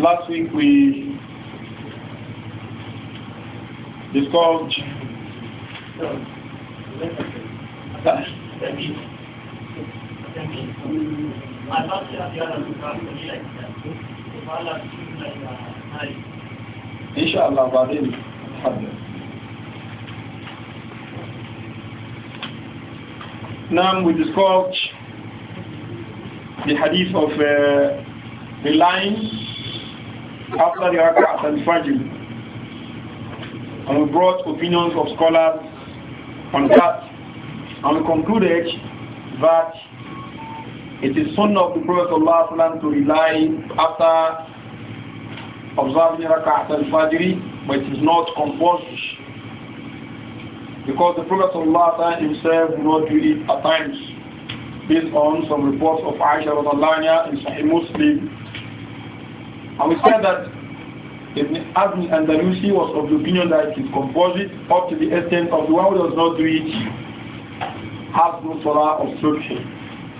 Last week we discussed Inshallah, بعدين نتحدث. Now we discussed the hadith of uh, the line after the Rakat and Fajr. And we brought opinions of scholars on that. And we concluded that it is sunnah of the Prophet ﷺ to rely after observing Rakat al Fajr, but it is not compulsory. Because the Prophet ﷺ himself did not do it at times, based on some reports of Aisha in Sahih Muslim and we said that Ibn Azmi Andalusi was of the opinion that it is composite, up to the extent of the one who does not do it has no solar obstruction.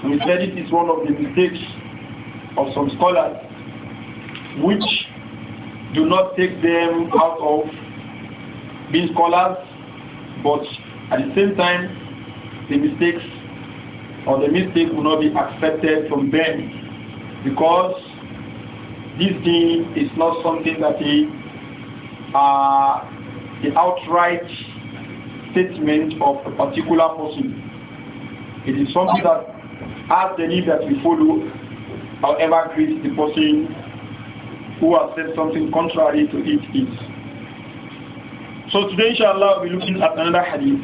And we said it is one of the mistakes of some scholars which do not take them out of being scholars but at the same time the mistakes or the mistake will not be accepted from them because this thing is not something that is uh, the outright statement of a particular person. It is something that as the need that we follow, however great the person who has said something contrary to it is. So today inshallah we'll be looking at another hadith.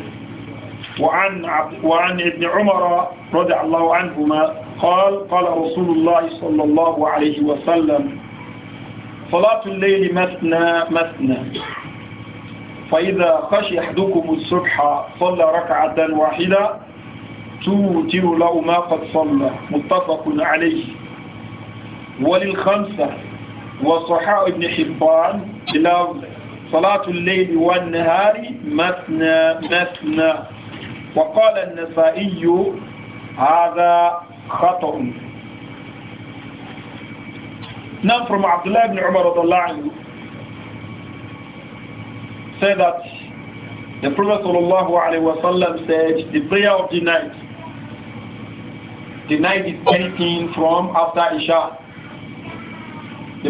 وعن عبد وعن ابن عمر رضي الله عنهما قال قال رسول الله صلى الله عليه وسلم صلاة الليل مثنى مثنى فإذا خشي أحدكم الصبح صلى ركعة واحدة توتر له ما قد صلى متفق عليه وللخمسة وصحاء ابن حبان إلى صلاة الليل والنهار مثنى مثنى وقال النسائي هذا خطأ Now from Abdullah ibn Umar said that the Prophet wasallam said the prayer of the night. The night is anything from after Isha.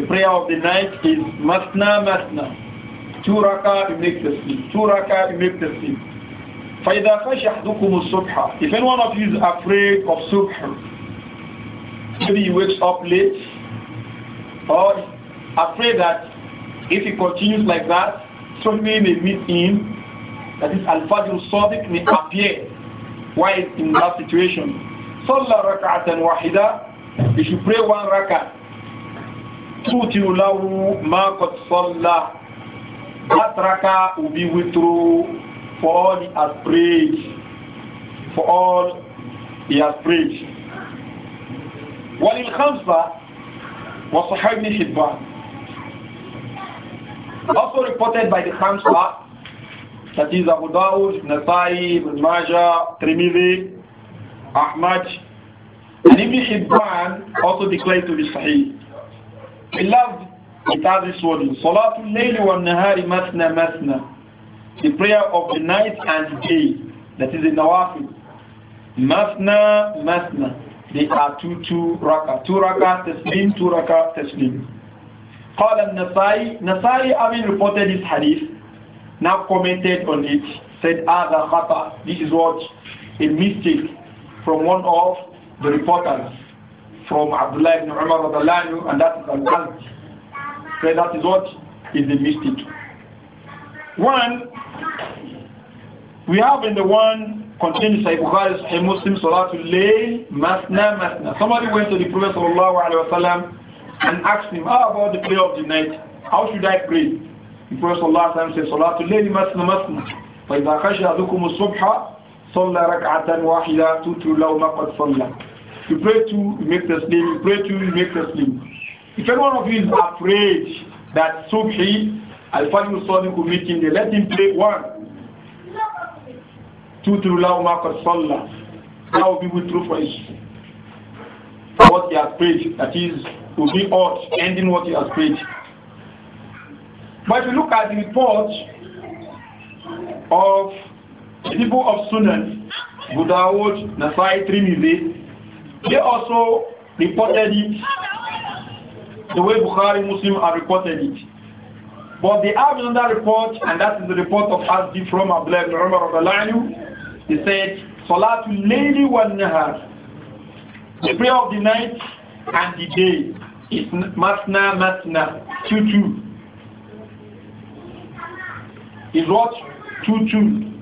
The prayer of the night is Masna Masna. Two rakah you make the sleep. Two rakah you make the sleep. فَإِذَا فَشَحْدُكُمُ If any one of you is afraid of subh, maybe he wakes up late, or I pray that if he continues like that, somebody may meet him, that this is Al-Fajr Sadiq may appear while in that situation. Salah rak'atan wahida, he should pray one rak'at. تُوتِرُ لَهُ مَا قَدْ صَلَّى That rakat will be withdrew for all he has prayed. For all he has prayed. وَلِلْخَمْسَةِ وصحيح حبان also reported by the Khamsa that is Abu Dawud, Nasai, Ibn Majah, Tirmidhi, Ahmad and Ibn Hibban also declared to be Sahih we love it has this word Salatul Layl wa Nahari Masna Masna the prayer of the night and day that is in Nawafil Masna Masna they are two, two rakah. Two rakah taslim, two rakah taslim. قال النسائي Nasai having reported this hadith, now commented on it, said, the خطأ. This is what? A mistake from one of the reporters from Abdullah ibn Umar radiallahu and that is al Said that is what is the mistake. One, we have in the one contained in Sahih Bukhari, Sahih Muslim, Salatul Layl, Masna, Masna. Somebody went to the Prophet sallallahu alaihi wasallam and asked him, how about the prayer of the night? How should I pray? The Prophet sallallahu alaihi wasallam said, Salatul Layl, Masna, Masna. فإذا خشى أحدكم الصبح صلى ركعة واحدة تتر له ما قد صلى. You pray two, you make the sleep, you pray two, you make the sleep. If any one of you is afraid that subhi, al-fajr sadiq will meet him, let him pray one. Tutru Lauma Sallah. That will be true for, his, for what he has prayed. That is, to be odd, ending what he has prayed. But if you look at the report of the people of Sunan, Budawood, Nasai, Trimizi, they also reported it the way Bukhari Muslim have reported it. But they have another report, and that is the report of Azdi from Abdullah ibn Umar of he said, Salatul Layli wa Nahar. The prayer of the night and the day is Matna Matna, two two. Is what? Two two.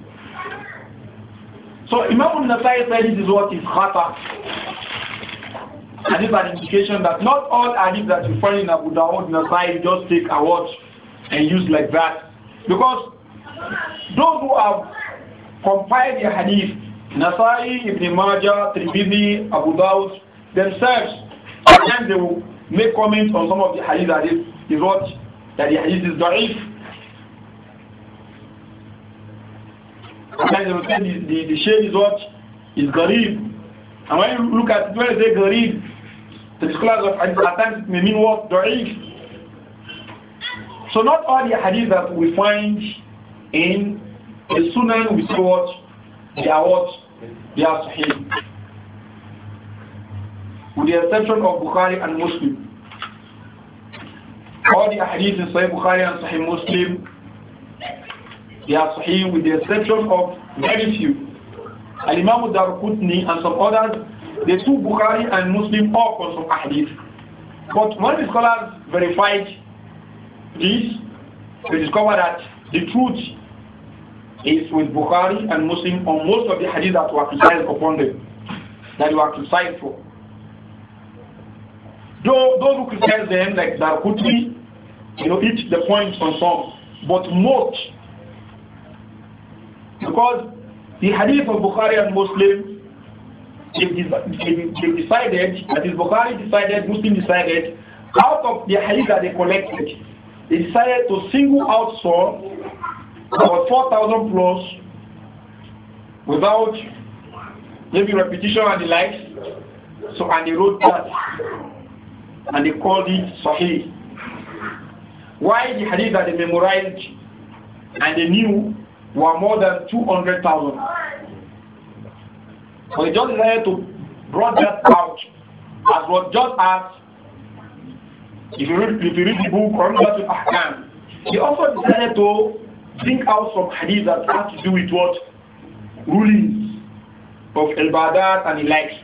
So Imam Nasai said this is what is khata. And it's an indication that not all hadith that you find in Abu Dawud Nasai you just take a watch and use like that. Because those who have compiled the hadith. Nasai, Ibn Majah, Tribidi, Abu Dawud, themselves, sometimes they will make comments on some of the hadith that is, is what, that the hadith is da'if. Sometimes they will say the, the, the shade is what, is garib. And when you look at, when they garib, the scholars of hadith at times may mean what, da'if. So not all the hadith that we find in the Sunan we say what? They are what? They are Sahih. With the exception of Bukhari and Muslim. All the Ahadith in Sahih Bukhari and Sahih Muslim, they are Sahih with the exception of very few. Al-Imam Darqutni and some others, they took Bukhari and Muslim are on some Ahadith, But when the scholars verified this, they discovered that the truth is with Bukhari and Muslim on most of the hadith that were criticized upon them, that were criticized for. Though those who criticize them, like Darqutni, you know, each the point on some, but most, because the hadith of Bukhari and Muslim, they, they decided, that is Bukhari decided, Muslim decided, out of the hadith that they collected, they decided to single out some about 4,000 plus without maybe repetition and the likes. So, and they wrote that and they called it Sahih. Why the hadith that they memorized and they knew were more than 200,000. So they just decided to brought that out as what just as if you read if you read the book Ramdat to Ahkam, he also decided to Think out some hadith that have to do with what rulings of al badat and the likes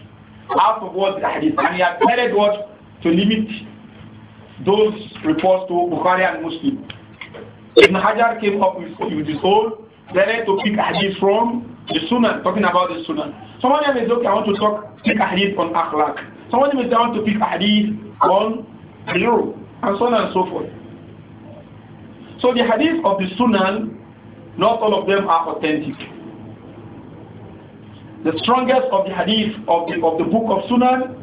out of what the hadith and he has decided what to limit those reports to Bukhari and Muslim. Ibn Hajar came up with, with his they decided to pick hadith from the Sunnah, talking about the Sunnah. Someone may say, okay, I want to talk, pick hadith on akhlaq. Someone may say, I want to pick hadith on Biru, and so on and so forth. So the hadith of the Sunan, not all of them are authentic. The strongest of the hadith of the, of the book of Sunan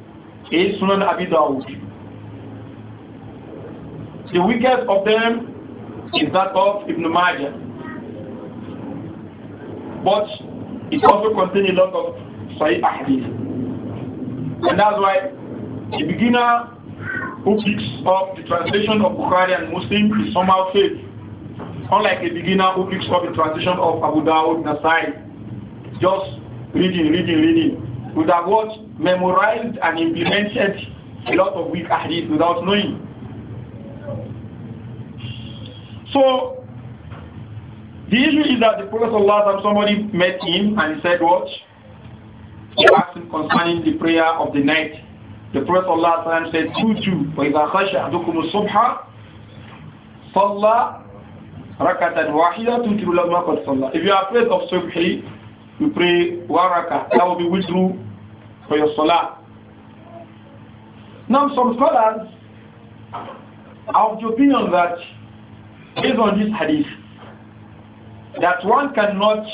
is Sunan Abi Dawud. The weakest of them is that of Ibn Majah. But it also contains a lot of Sahih hadith. And that's why the beginner who picks up the translation of Bukhari and Muslim is somehow faith. Unlike a beginner who picks up the translation of Abu Dawud Nasai. Just reading, reading, reading. Without what? Memorized and implemented a lot of weak hadith without knowing. So, the issue is that the Prophet Allah, somebody met him and he said, What? He asked him concerning the prayer of the night. The Prophet ﷺ said, Tutu, وَإِذَا خَشَ أَحْدُكُمُ الصُّبْحَ صَلَّى رَكَةً تُتِرُ لَمَا قَدْ صَلَّى If you are afraid of subhi, you pray one rakah. That will be withdrew for your salah. Now some scholars have the opinion that based on this hadith, that one cannot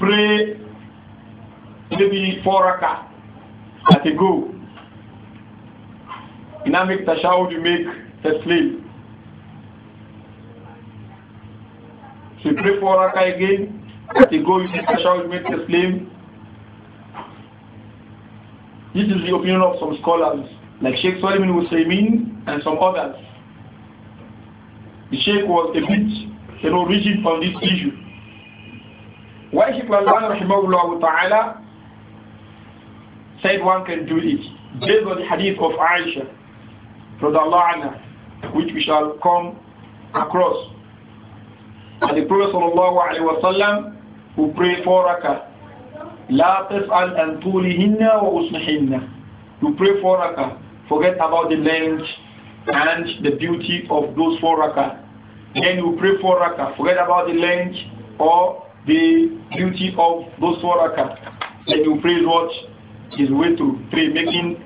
pray maybe four rakah at a go you now make tashahud, you make taslim. So you pray for raka again. As you go, you make tashahud, you make taslim. This is the opinion of some scholars, like Sheikh Solomon Hussein and some others. The Sheikh was a bit you know, rigid on this issue. Why Sheikh Al-Albani rahimahullah ta'ala said one can do it based on the hadith of Aisha from the which we shall come across. And the Prophet sallallahu alayhi wa sallam who pray four rakah. al تسأل hina wa وأصلحن. You pray four rakah. Forget about the length and the beauty of those four rakah. Then you pray four rakah. Forget about the length or the beauty of those four rakah. Then you pray what is way to pray, making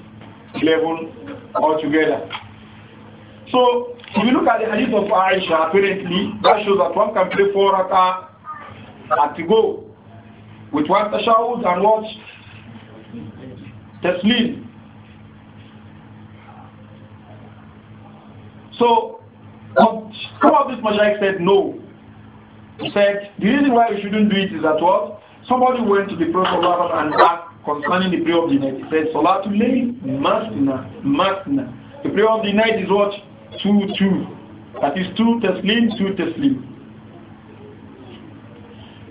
eleven altogether. So if you look at the hadith of Aisha, apparently that shows that one can pray four rak'ah at to go with one tashahud and what? Taslim. So but some of these Mashaikh said no. He said the reason why you shouldn't do it is that what? Somebody went to the Prophet and asked concerning the prayer of the night. He says, Salatul Layl, Masna, Masna. The prayer of the night is what? Two, two. That is two Teslim, two Teslim.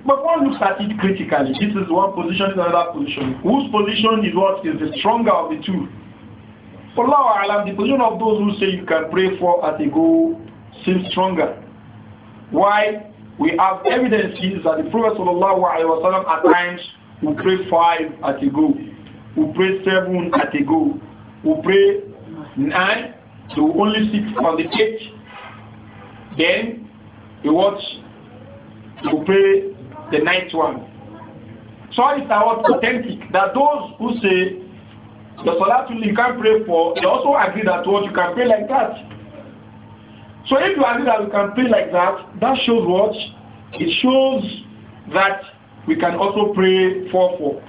But one looks at it critically. This is one position, another position. Whose position is what is the stronger of the two? For Allah Alam, the position of those who say you can pray for at a go seems stronger. Why? We have evidences that the Prophet Sallallahu Alaihi Wasallam at times we pray five at a go. We pray seven at a go. We pray nine, so only six on the church. Then we watch, We pray the ninth one. So it's our authentic that those who say the Salatul you can pray for, they also agree that what you can pray like that. So if you agree that you can pray like that, that shows what? It shows that we can also pray 4 4.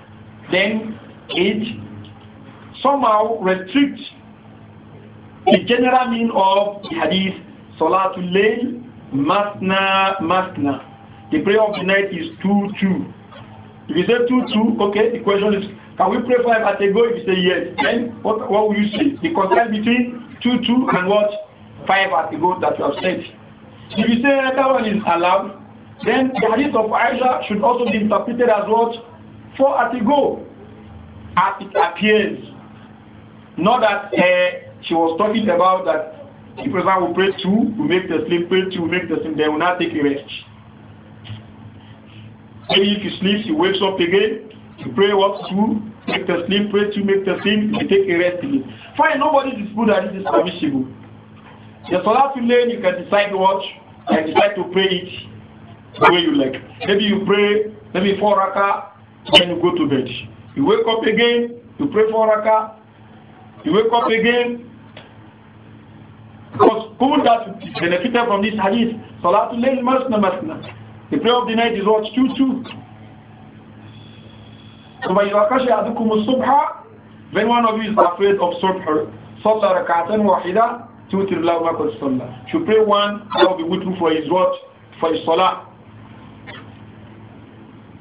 Then it somehow restricts the general meaning of the hadith Salatul Layl Masna Masna. The prayer of the night is 2 2. If you say 2 2, okay, the question is can we pray 5 at a go? If you say yes, then what, what will you see? The contrast between 2 2 and what? 5 at a go that you have said. If you say that one is allowed, then the hadith of Aisha should also be interpreted as what? For at it as it appears. Not that uh, she was talking about that the person will pray two, will make the sleep, pray two, make the sleep, then will not take a rest. Maybe if he sleeps, he wakes up again, He pray what two, make the sleep, pray two, make the sleep, you take a rest again. Fine, nobody disputes that this is permissible. The Salafi Lane, you can decide what, you and decide to pray it the way you like. Maybe you pray, maybe four raka, then you go to bed. You wake up again, you pray four raka, you wake up again. Because people that benefited from this hadith, Salatul Layl Masna Masna. The prayer of the night is what? Two, two. So by Yurakasha Adukum Subha, when one of you is afraid of Subha, Salah Rakatan Wahida, Tutir Lawma Kul Salah. You pray one, I will be with for his what? For his Salah.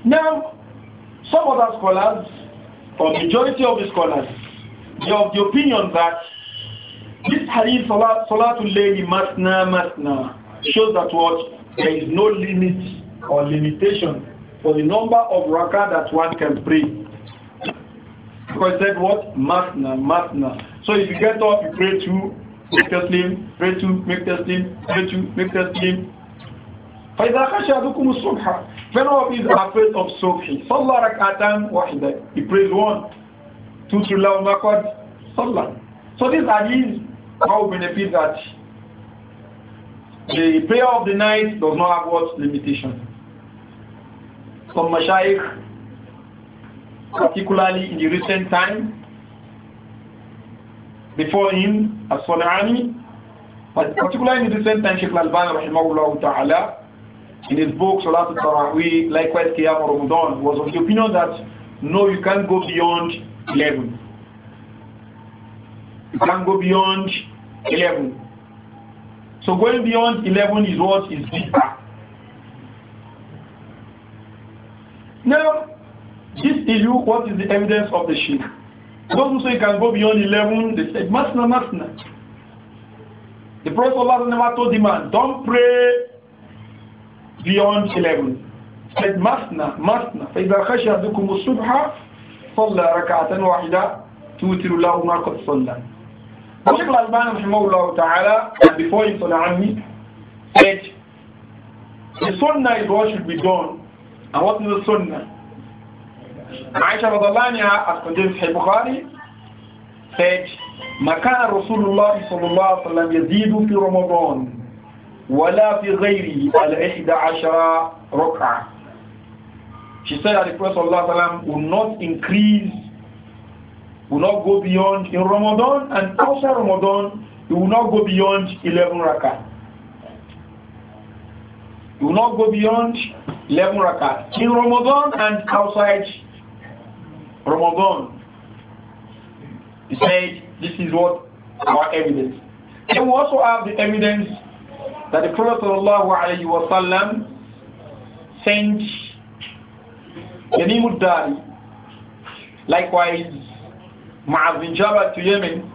Now, some other scholars, or majority of the scholars, they have the opinion that this hadith, Salatul Layli Masna Masna, shows that what? There is no limit or limitation for the number of rakah that one can pray. Because it said what? Masna, Masna. So if you get up, you pray two, make taslim, pray two, make taslim, pray two, make taslim. Fellow of these are afraid of Sophie. Salah rakatan wahida. He prays one. Two law Salah. So these are these how benefit that the prayer of the night does not have what limitation. Some mashayikh, particularly in the recent time, before him, as but particularly in the recent time, Sheikh Al-Albani rahimahullah ta'ala, in his book Salat al-Tarawih, likewise Qiyam Ramadan, was of the opinion that no, you can't go beyond 11. You can't go beyond 11. So going beyond 11 is what is deeper. Now, this is you. what is the evidence of the sheikh? Those who say you can go beyond 11, they said, Masna, Masna. The Prophet Allah never told the man, don't pray beyond 11 said مثنى مثنى فإذا خشى أحدكم الصبح صلى ركعة واحدة توتر له ما قد صلى Sheikh Al-Albani رحمه الله تعالى before صلى عني said the sunnah is what should be done and what is the sunnah Aisha Radalania as condemned Sahih Bukhari said ما كان رسول الله صلى الله عليه وسلم يزيد في رمضان وَلَا فِي غَيْرِهِ الْإِحْدَى عَشَرَ رَكْعَةً She said that the Prophet ﷺ will not increase, will not go beyond in Ramadan and outside Ramadan, he will not go beyond 11 rakah. He will not go beyond 11 rakah in Ramadan and outside Ramadan. He said, this is what our evidence. Then we also have the evidence that the Prophet ﷺ sent Yamim Dari, likewise Ma'az bin Jabal to Yemen,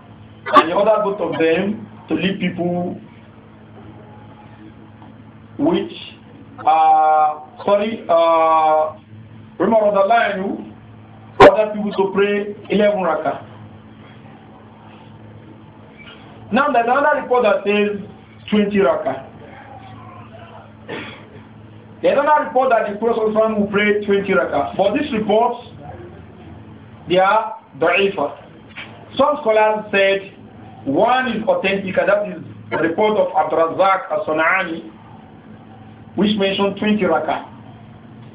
and the other both of them to lead people which, uh, sorry, uh, remember the line, other people to pray 11 rakah. Now, there's another report that says, 20 rakah. There's another report that the Prophet will pray 20 raka. But these reports, they are da'ifa. Some scholars said one is authentic, and that is the report of Abd Razak al-Sana'ani, which mentioned 20 raka.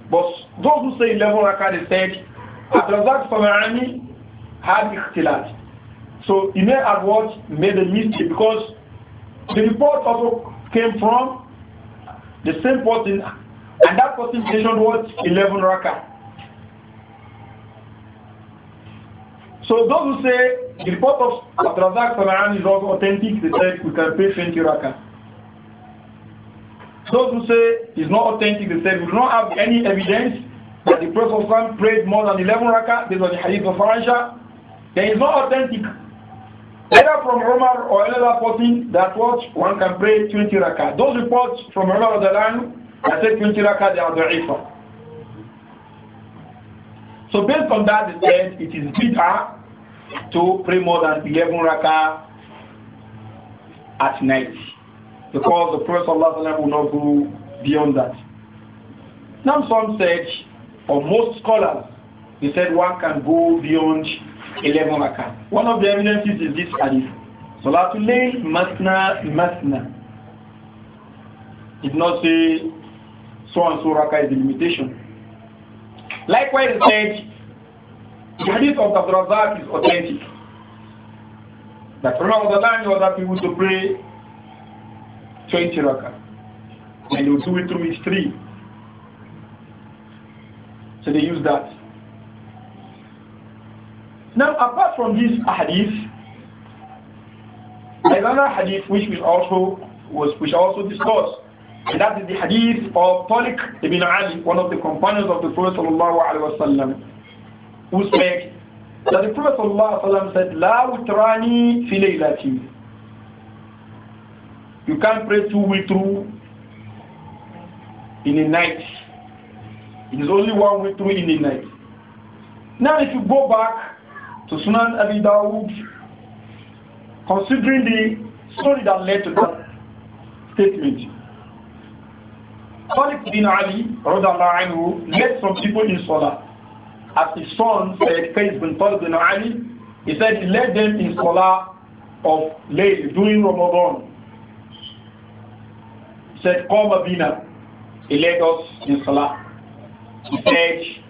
But those who say 11 raka, they said Abd Razak al-Sana'ani had ikhtilat. So he may have what made a mistake because the report also came from the same person, and that person mentioned what? 11 raka. So those who say the report of Abdurazak Samaran is also authentic, they say we can pay 20 raka. Those who say it's not authentic, they say we do not have any evidence that the Prophet prayed more than 11 raka, based on the hadith of Aisha. Then it's not authentic. Either from Roma or another person that what one can pray 20 rakah. Those reports from Umar of the land that said 20 rakah they are the da'ifa. So based on that they said it is better to pray more than 11 rakah at night because the Prophet will not go beyond that. Now some said, or most scholars, they said one can go beyond 11 rakah. One of the evidences is this hadith. Salatul Layl, Masna, Masna. It not say so and so rakah is the limitation. Likewise, it said the hadith of Abdul Razak is authentic. That Prophet of the land was that people to pray 20 rakah. And they do it through his three. So they use that. Now, apart from this hadith, another hadith which we also was which also discussed, and that is the hadith of Talik ibn Ali, one of the companions of the Prophet sallallahu alaihi wasallam, who said that the Prophet sallallahu alaihi wasallam said, "La utrani fi laylati." You can't pray two witru in a night. It is only one witru in a night. Now, if you go back to Sunan Abi Dawud, considering the story that led to that statement. Khalid bin Ali anhu, led some people in Salah. As his son said, Qais bin Talib bin Ali, he said he led them in Salah of late during Ramadan. He said, Come, Bina, he led us in Salah. He said,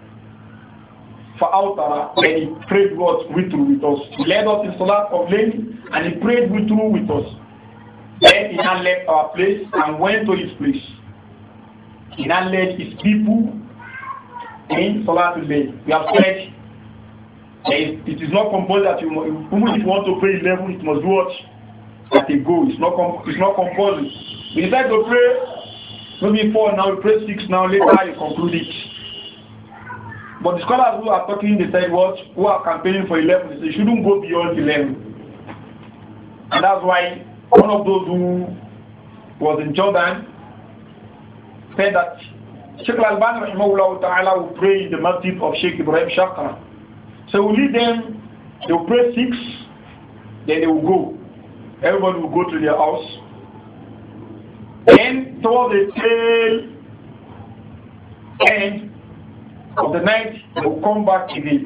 for فَأَوْتَرَ And he prayed with Witru with us. He led us in Salah of Layl and he prayed Witru with us. Then he now left our place and went to his place. He now led his people in Salah of Layl. We have said eh, it is not compulsory that you must, if you want to pray 11, it must watch that they go. It's not, it's not compulsory. You decide to pray maybe 4 now, you pray 6 now, later you conclude it. But the scholars who are talking, the said what, who are campaigning for 11, they shouldn't go beyond 11. And that's why one of those who was in Jordan said that Sheikh Al-Albani ta'ala will pray in the masjid of Sheikh Ibrahim Shakra. So we lead them, they will pray six, then they will go. Everyone will go to their house. Then towards the tail end, of the night, they will come back to the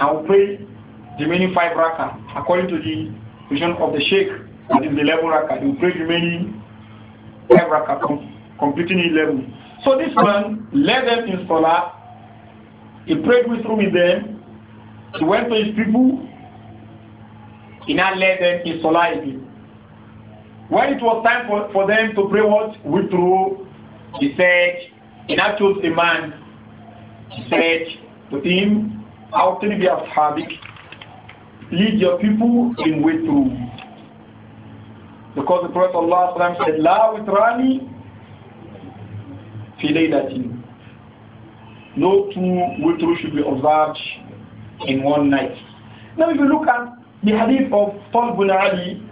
and will pray the remaining five raka according to the vision of the sheikh, that is the level raka. They will pray the remaining five raka, completing eleven. So this man led them in salah. He prayed with through with them. He went to his people. He now led them in salah again. When it was time for, for them to pray what? Withdraw, he said, he now chose a man said to him, Outri bi ashabik, lead your people in way to. Because the Prophet Allah said, La witrani filaylatin. No two witru should be observed in one night. Now if you look at the hadith of Paul bin Ali,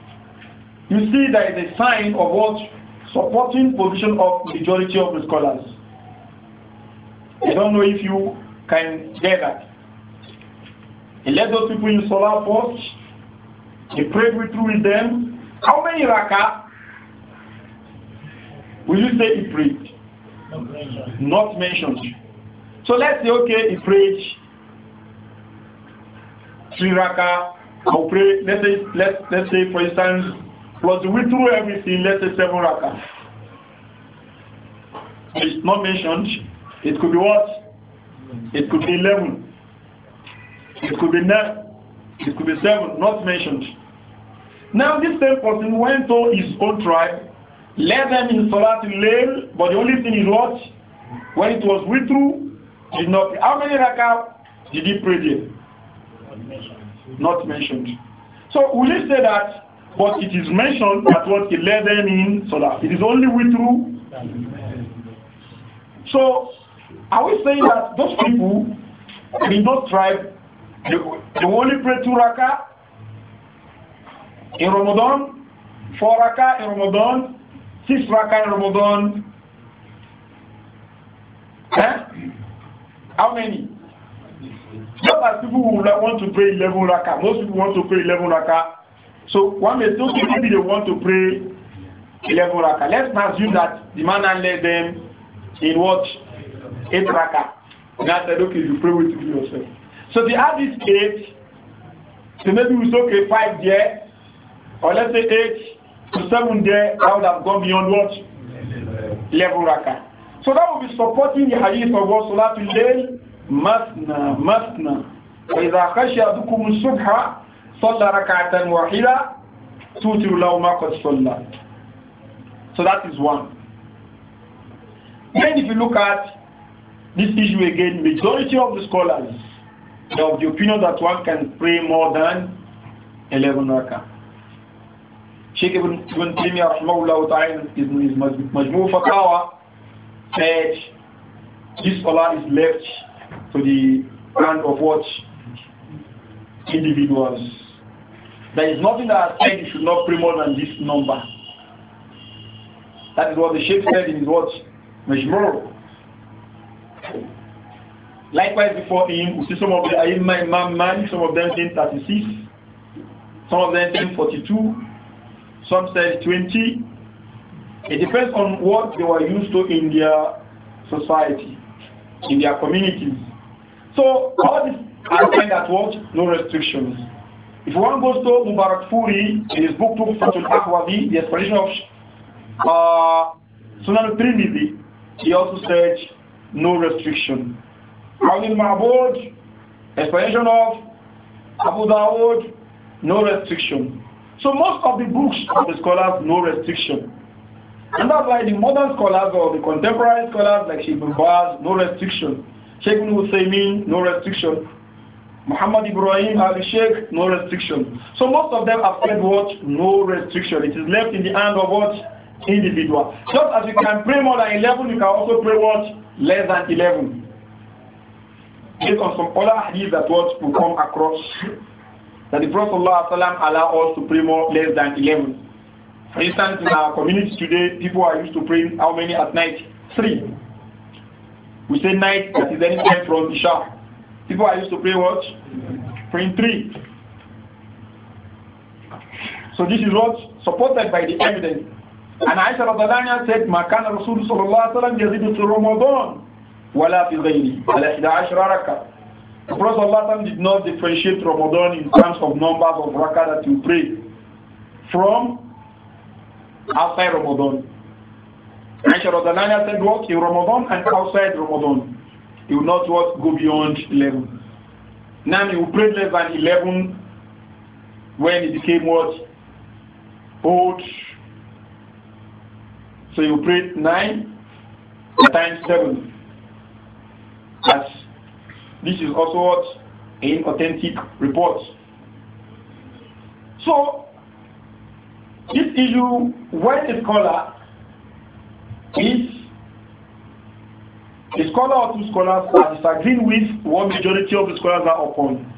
you see there is a sign of what supporting position of majority of the scholars. I don't know if you can get that. He led those people in solar first. He prayed with through with them. How many raka? will you say he prayed? Not mentioned. Not mentioned. So let's say, okay, he prayed three raka. I'll pray, let's say, let's, let's say for instance, plus we through everything, let's say seven raka. It's not mentioned. It could be what? It could be 11. It could be 9. It could be 7. Not mentioned. Now this same person went to his own tribe, led them in in lail, but the only thing is what? When it was withdrew, did not. How many rakah did he pray there? Not mentioned. So will you say that? But it is mentioned that what he led them in Salah. It is only withdrew. So are we saying that those people in those tribes, they, only pray two raka in Ramadan, four raka in Ramadan, six raka in Ramadan? How many? Not as people who want to pray 11 raka, Most people want to pray 11 raka. So one may think maybe they want to pray 11 raka, Let's assume that the man led them in what? eight raka. And I said, okay, you pray with it yourself. So they have this eight. So maybe we say, okay, five there, or let's say eight to seven there, I would have gone beyond what? level raka. So that will be supporting the hadith of what Salatul Layl, Masna, Masna. وإذا خشي أحدكم الصبح صلى ركعة واحدة توتر له ما قد صلى. So that is one. Then if you look at this issue again, majority of the scholars are of the opinion that one can pray more than 11 rakah. Sheikh Ibn, Ibn Taymiyyah rahmahullah ta'ala in his Majmu Fatawa said this salah is left to the hand of what? Individuals. There is nothing that I said you should not pray more than this number. That is what the Sheikh said in his words, Majmu Likewise, before him, we see some of the Aima Imam Malik, some of them saying 36, some of them saying 42, some said 20. It depends on what they were used to in their society, in their communities. So all this are kind at what? No restrictions. If one goes to Mubarak Furi, in his book the explanation of uh, Sunan al-Tirmidhi, he also said no restriction. Abdul Ma'bud, explanation of Abu Dawood, no restriction. So most of the books of the scholars, no restriction. And that's why the modern scholars or the contemporary scholars like Sheikh Baz, no restriction. Sheikh Nusaymin, no restriction. Muhammad Ibrahim Ali Sheikh, no restriction. So most of them have said what? No restriction. It is left in the hand of what? Individual. Just as you can pray more than 11, you can also pray what? Less than 11 based on some other hadith that what will come across that the Prophet Allah allow us to pray more less than 11. For instance, in our community today, people are used to praying how many at night? Three. We say night, that is any time from Isha. People are used to pray what? Praying three. So this is what supported by the evidence. And Aisha Radhalanya said, Makana Rasul Sallallahu Alaihi Wasallam Yazidu Ramadan. ولا في غيره على 11 ركعة the Prophet Allah did not differentiate Ramadan in terms of numbers of rakah that you pray from outside Ramadan. Aisha Radhananya said what? In Ramadan and outside Ramadan. You will not what? Go beyond 11. Now you pray less than 11 when it became what? Old. So you pray 9 times 7 that this is also what an authentic report. So this issue when a scholar is a scholar or two scholars are disagreeing with what majority of the scholars are upon.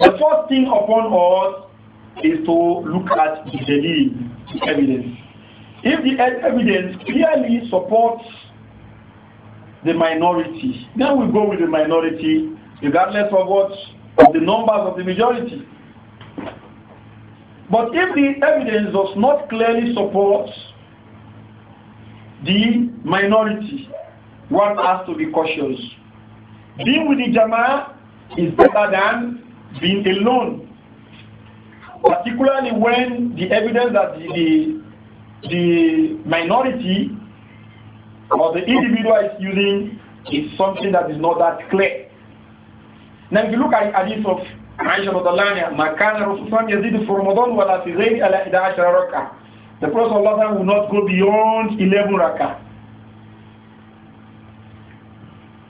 The first thing upon us is to look at the evidence. If the evidence clearly supports the minority. Then we go with the minority, regardless of what of the numbers of the majority. But if the evidence does not clearly support the minority, one has to be cautious. Being with the Jamaa is better than being alone, particularly when the evidence that the, the, the minority or the individual is using is something that is not that clear. Now, if you look at the hadith of Aisha Radalani, Makana Rasulullah Yazid for Ramadan wa la tighayn ala 11 rak'ah. The Prophet Allah will not go beyond 11 raka.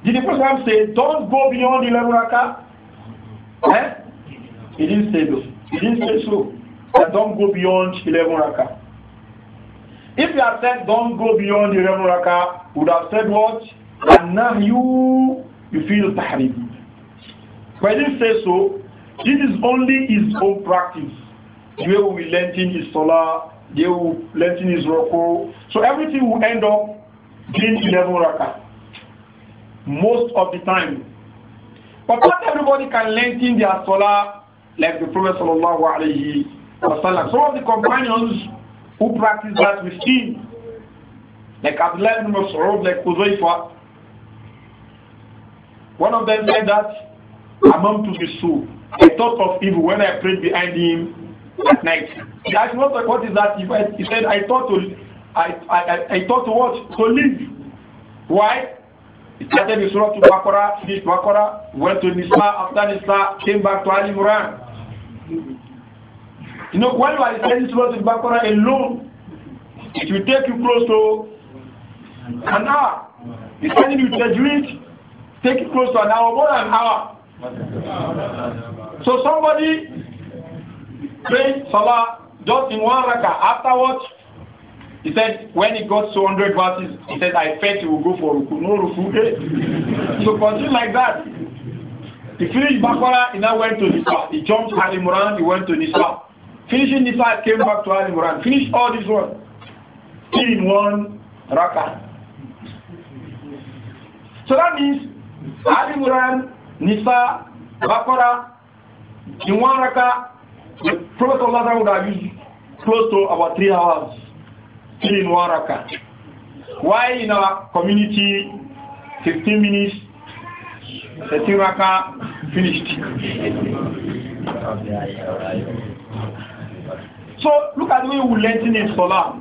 Did the Prophet say, don't go beyond 11 raka? Eh? He didn't say so. He didn't say so. That don't go beyond 11 raka. If you have said don't go beyond the eleven Raka, would have said what? And now you you feel tahrim. When he says say so. This is only his own practice. The way we lengthen his salah, the way we lengthen his roko. So everything will end up being eleven Raka. Most of the time. But not everybody can lengthen their salah like the Prophet sallallahu alaihi wasallam. Some of the companions who practice that with him, like Abdullah ibn Mas'ud, like Uzaifa. One of them said that, among to be so. I thought of evil when I prayed behind him at night. He asked, what, what is that? He said, I thought to, I, I, I thought to what? To live. Why? It started with Surah to Baqarah, finished Baqarah, went to Nisa, after Nisa, came back to Ali Imran. You know, when you are studying Surah Al-Baqarah alone, it will take you close to an hour. It's telling you tajweed, take you close to an hour, more than an hour. So somebody prayed Salah just in one raka. Afterwards, he said, when he got 200 verses, he said, I felt he will go for ruku. No ruku. so continue like that. He finished Baqarah, he now went to Nisba. He jumped Al Imran, he went to Nisba. Finishing this side came back to Ali Imran. Finish all this one in one rakah. So that means Ali Imran, Nisa, Bakara, in one rakah, the Prophet Allah would have used close to about three hours in one rakah. Why in our community, 15 minutes, 13 rakah, finished. So look at the way we lengthen in Salah.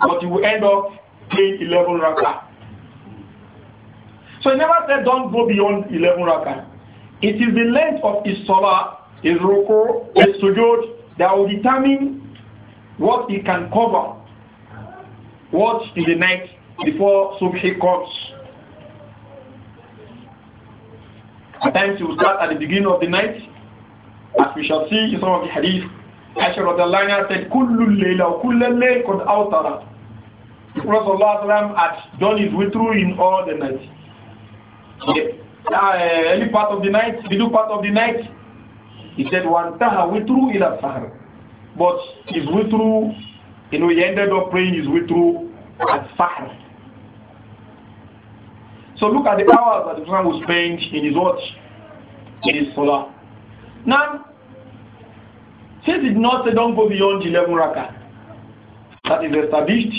But you will end up playing 11 rakah. So he never said don't go beyond 11 rakah. It is the length of his Salah, his ruku, his sujood that will determine what he can cover, what in the night before subhi comes. At times he will start at the beginning of the night, as we shall see in some of the hadith Aisha Radhalanya said, Kullu layla, kullu lay qad awtara. The Prophet had done his witru in all the night. Uh, any part of the night, middle part of the night, he said, Wantaha witru ila sahar. But his witru, you know, he ended up praying his witru at sahar. So look at the hours that the Prophet was spent in his watch, in his salah. Now, Faith did not say don't go beyond 11 raka, That is established.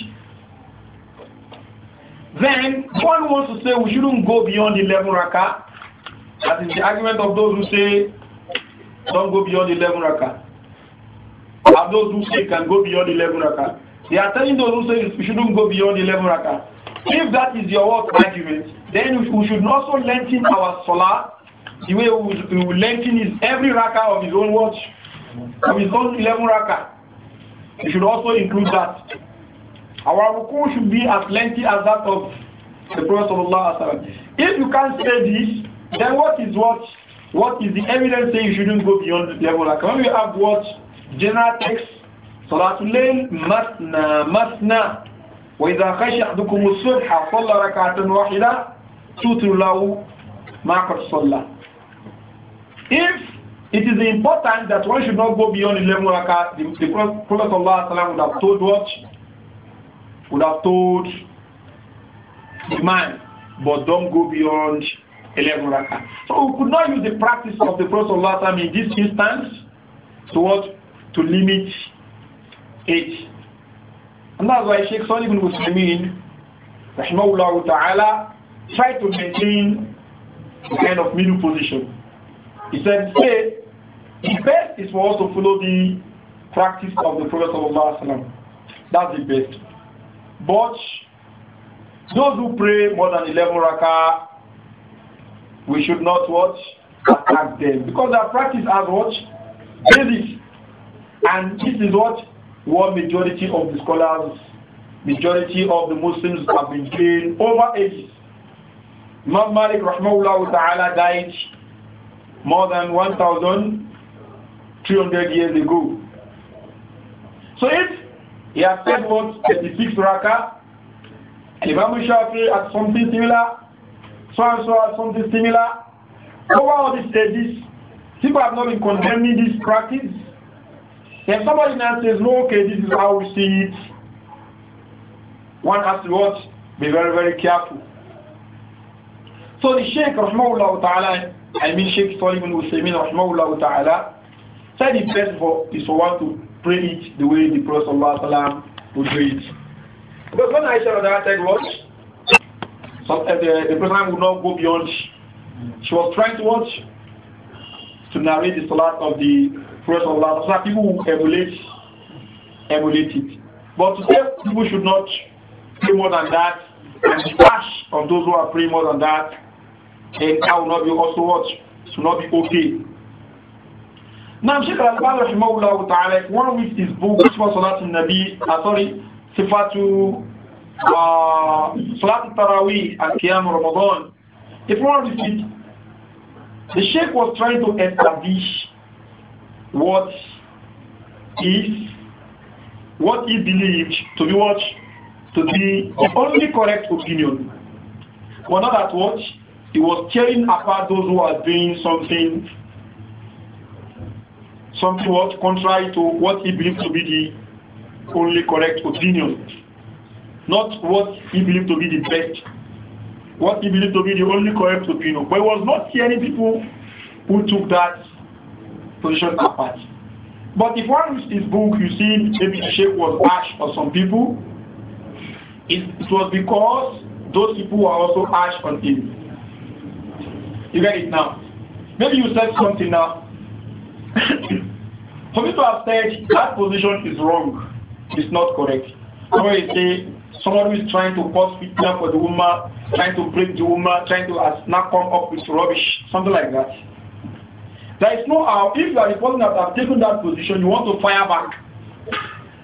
Then, one wants to say we shouldn't go beyond 11 raka, That is the argument of those who say don't go beyond 11 raka. Of those who say can go beyond 11 raka? They are telling those who say we shouldn't go beyond 11 raka. If that is your work argument, then we should also lengthen our salah the way we lengthen is every raka of his own watch. We his own 11 rakah. You should also include that. Our ruku should be as plenty as that of the Prophet Sallallahu If you can't say this, then what is what? What is the evidence saying you shouldn't go beyond the level? when we have what? General text, Salatul Layl, Masna, Masna. وإذا خشى أحدكم الصبح صلى ركعة واحدة توتر له ما قد صلى. If It is important that one should not go beyond 11 rakah. The, the Prophet ﷺ would have told what? Would have told the man, but don't go beyond 11 rakah. So we could not use the practice of the Prophet ﷺ in this instance to what? To limit it. And that's why Sheikh Salih ibn Muslimin, rahimahullah ta'ala, tried to maintain a kind of middle position. He said, say, the best is for us to follow the practice of the Prophet of Allah. That's the best. But those who pray more than 11 rakah, we should not watch attack them because their practice has what basis, and this is what one majority of the scholars, majority of the Muslims have been doing over ages. Imam Malik rahmahullah ta'ala died more than 1,000 300 years ago. So if he has said what 36 raka, and Imam Shafi has something similar, so and so has something similar, over all these stages, people have not been condemning this practice. If somebody now says, no, okay, this is how we see it, one has to watch, be very, very careful. So the Sheikh, Rahmahullah Ta'ala, I mean Sheikh Solomon Usaymin Rahmahullah Ta'ala, Said the best for, is for one to pray it the way the Prophet ﷺ would pray it. Because when Aisha Radha said watch, So, uh, the, the Prophet would not go beyond. She was trying to watch to narrate the Salat of the Prophet ﷺ so that people would emulate, emulate it. But to say people should not pray more than that and bash on those who are praying more than that, and I will not be also watch. Should not be okay. Now, Sheikh Al-Albani rahimahullah ta'ala, one with his book, which was Salatul Nabi, uh, sorry, Sifatu, uh, Salatul Taraweeh, Al-Qiyam Ramadan. If one reads it, the Sheikh was trying to establish what is, what he believed to be what, to be the only correct opinion. But not at what, he was tearing apart those who are doing something something what contrary to what he believed to be the only correct opinion, not what he believed to be the best, what he believed to be the only correct opinion. But he was not see any people who took that position apart. But if one reads his book, you see maybe the shape was ash for some people. It, it was because those people were also ash on him. You get it now? Maybe you said something now. For me to have said that position is wrong is not correct. Somebody say somebody is trying to cause fitna for the woman, trying to break the woman, trying to uh, not come up with rubbish, something like that. There is no how. If you are the person that have taken that position, you want to fire back.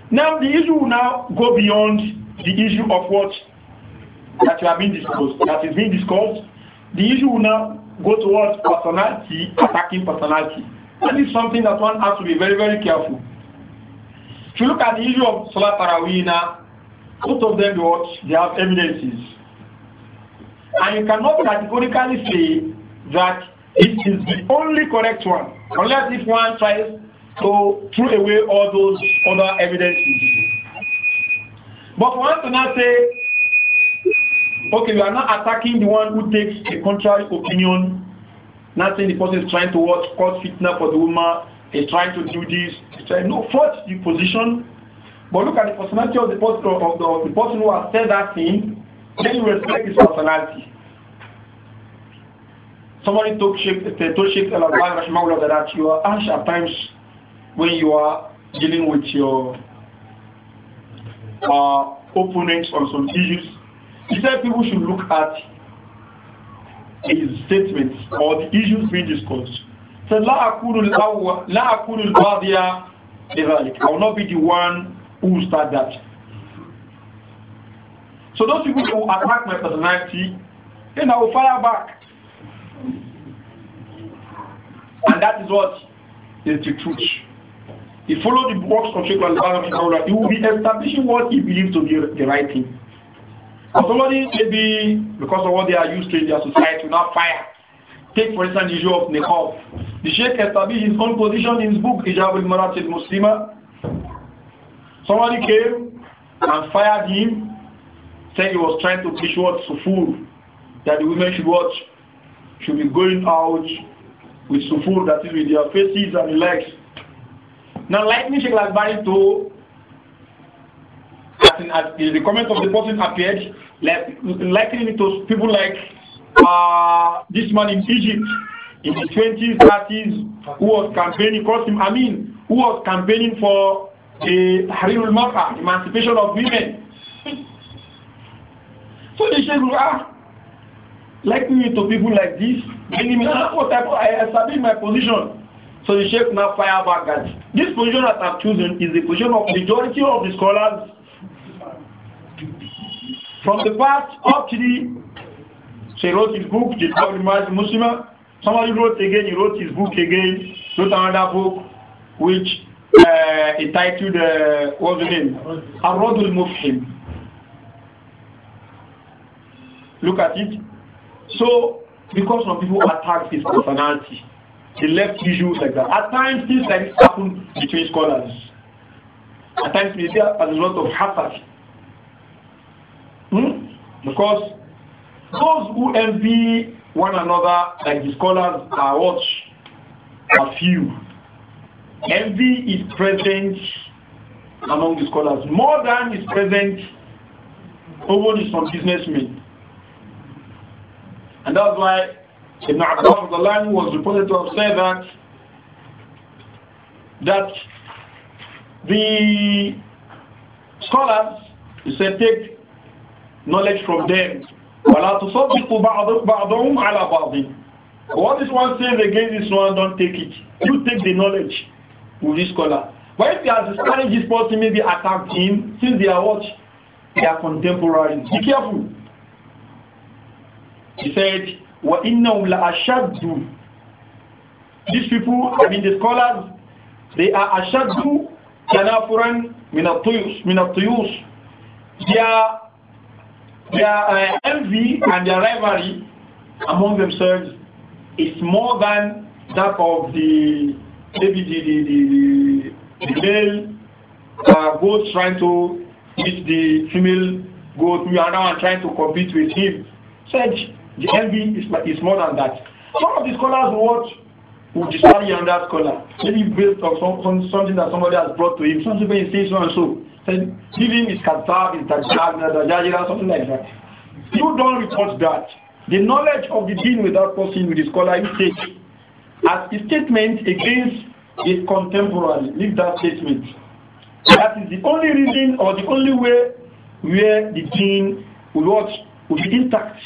Now the issue will now go beyond the issue of what that you have been discussed, that is being discussed. The issue will now go towards personality attacking personality. That is something that one has to be very, very careful. If you look at the issue of Salat Tarawih now, both of them, they have evidences. And you cannot categorically say that it is the only correct one, unless if one tries to throw away all those other evidences. But for us to now say, okay, we are not attacking the one who takes a contrary opinion not saying the person is trying to watch, cause fitna for the woman, He's trying to do this, he's trying to forge the position. But look at the personality of the person, of the, the person who has said that thing, then you respect his personality. Somebody took shape. Uh, told shape. al that you are harsh at times when you are dealing with your uh, opponents on some issues. He said people should look at his statements or the issues being discussed. So I will not be the one who will start that. So those people who attack my personality, then I will fire back. And that is what is the truth. He followed the works of Sheikh Al-Bahrain, he will be establishing what he believes to be the right thing. Or somebody maybe because of what they are used to in their society will not fire. Take for instance the issue of niqab. The Sheikh established his own position in his book Hijab al-Marat al-Muslima. Somebody came and fired him, said he was trying to push what sufur, that the women should watch, should be going out with sufur, that is with their faces and legs. Now, like me, Sheikh Al-Bani told person the comment of the person appeared, like, likening it to people like uh, this man in Egypt in the 20s, 30s, who was campaigning, because him, I mean, who was campaigning for the Harirul Mar'a, emancipation of women. So the Sheikh ah, likening to people like this, telling me, ah, what type of, I established my position. So the Sheikh now fire back at this position that I've chosen is the position of majority of the scholars from the past up to the, so he wrote his book, the Imam Muslim. Somebody wrote again, he wrote his book again, wrote another book, which uh, entitled, uh, what's the name? move Mufhim. Look at it. So, because some people attack his personality, they left issues like that. At times, things like this happen between scholars. At times, media has a lot of hatred Hmm? Because those who envy one another, like the scholars are what? Are few. Envy is present among the scholars more than is present over some businessmen. And that's why Ibn Abbas was reported to have said that that the scholars, he said, take knowledge from them. وَلَا What this one says against this one, don't take it. You take the knowledge with this scholar. But if they are disparaging this person, maybe attacked him, since they are what? They are contemporaries. Be careful. He said, وَإِنَّهُمْ لَأَشَدُّ These people, I mean the scholars, they are ashadu tanafuran min at-tuyus. They are their uh, envy and their rivalry among themselves is more than that of the maybe the, the, the, the male uh, trying to meet the female goat. We are now trying to compete with him. Said the envy is, is more than that. Some of the scholars watch would on that scholar, maybe based on some, some, something that somebody has brought to him. Some people say so and so said, give him his katab, his tajajira, something like that. You don't report that. The knowledge of the deen without crossing with the scholar you take as a statement against his contemporary. Leave that statement. That is the only reason or the only way where the deen will what will be intact.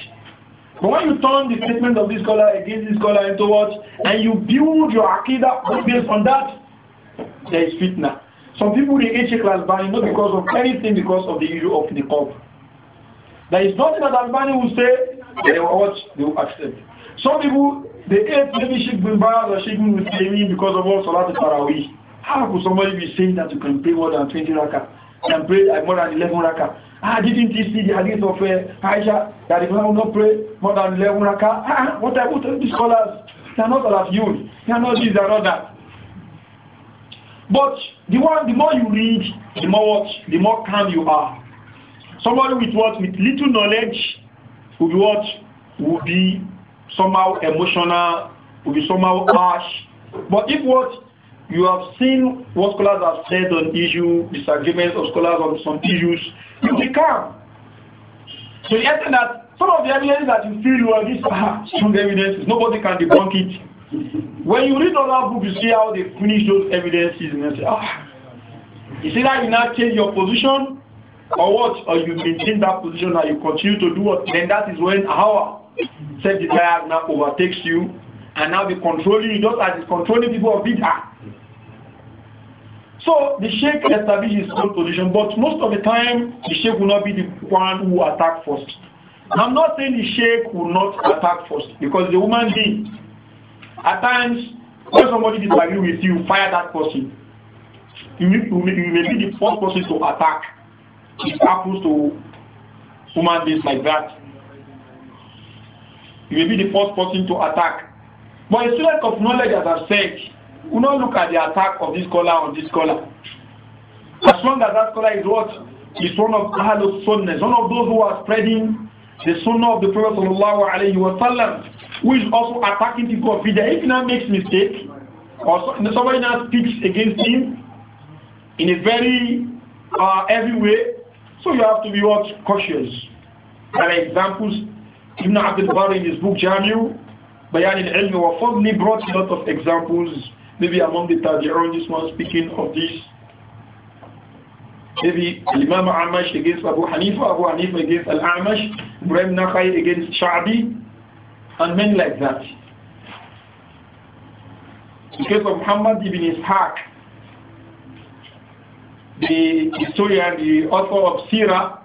But when you turn the statement of this scholar against this scholar into what, and you build your akida based on that, there is fitna. Some people they eat class al Al-Albani not because of anything, because of the issue of the niqab. There is nothing that Al-Albani will say, they will watch, they will accept. Some people, they hate maybe Sheikh Bin Baz or Sheikh Bin Muslimin because of all Salat al-Tarawih. How could somebody be saying that you can pray more than 20 raka? and pray like uh, more than 11 raka. Ah, didn't he see the hadith of uh, Aisha that if Imam will not pray more than 11 raka, Ah, ah what are would tell the scholars, they are not all of you. They are not this, they are not that. But the one, the more you read, the more what, the more calm you are. Somebody with what, with little knowledge, will be what, will be somehow emotional, will be somehow harsh. But if what you have seen what scholars have said on issue, disagreements of scholars on some issues, you be calm. So the extent that some of the evidence that you feel you are this ah, strong evidence, nobody can debunk it. When you read other books, you see how they finish those evidences and then say, ah, you see that you now change your position or what? Or you maintain that position and you continue to do what? Then that is when our self desire now overtakes you and now be controlling you just as it's controlling people of bid'ah. So the sheikh establishes his own position, but most of the time the sheikh will not be the one who attack first. I'm not saying the sheikh will not attack first because the woman did. At times, when somebody disagrees with you, fire that person. You, you may be the first person to attack. It happens to human beings like that. You may be the first person to attack. But a student of knowledge, as i said, will not look at the attack of this scholar on this scholar. As long as that scholar is what? Is one of of Sunnah, one of those who are spreading the Sunnah of the Prophet Sallallahu Alaihi Wasallam who is also attacking of prophet, if he now makes mistake, or somebody now speaks against him in a very uh, heavy way, so you have to be what cautious. There are examples. Ibn Abdul Bari in his book Jamil, Bayan al-Ilm wa Fadli brought a lot of examples, maybe among the Tabi'un, this one speaking of this. Maybe Imam Amash against Abu Hanifa, Abu Hanifa against Al-Amash, Ibrahim Nakhai against Sha'bi, and men like that. In case of Muhammad ibn Ishaq, the historian, the author of Sirah,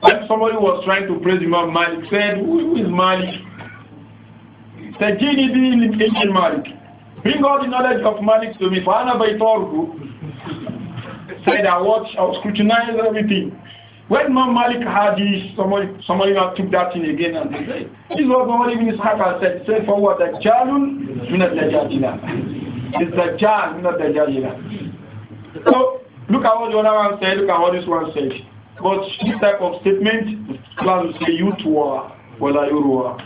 when somebody was trying to praise Imam Malik, said, Who is Malik? Said, Jini the ancient Malik. Bring all the knowledge of Malik to me. Fa'ana baytorku. Said, I watch, I scrutinize everything. When Imam Malik had this, somebody, somebody now took that in again and they say, this is what Muhammad ibn Ishaq said, say for what? Dajjalun min dajjalina It's Dajjal min dajjalina So, look at what the other one said, look at what this one said. But this type of statement, class will say, you two are, whether you are.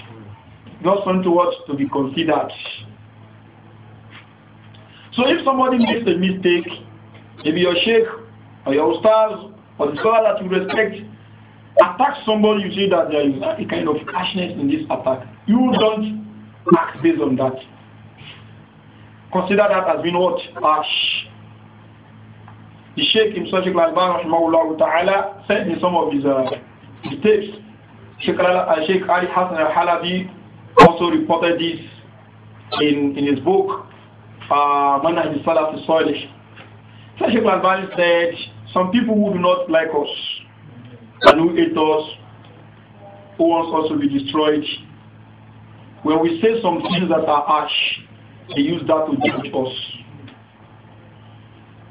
Just want to watch to be considered. So if somebody makes a mistake, maybe your sheikh or your ustaz or the scholar that you respect attacks somebody, you say that there is a kind of harshness in this attack. You don't act based on that. Consider that as being what? Harsh. The Sheikh himself, Sheikh Al-Albani, ta'ala, sent me some of his, uh, tapes. Sheikh, uh, Sheikh Ali Hassan al-Halabi also reported this in, in his book, uh, Manhaj uh, al-Salaf al-Salih. So Sheikh Al-Albani said, some people who do not like us and who hate us, who wants us to be destroyed, when we say some things that are harsh, they use that to judge us.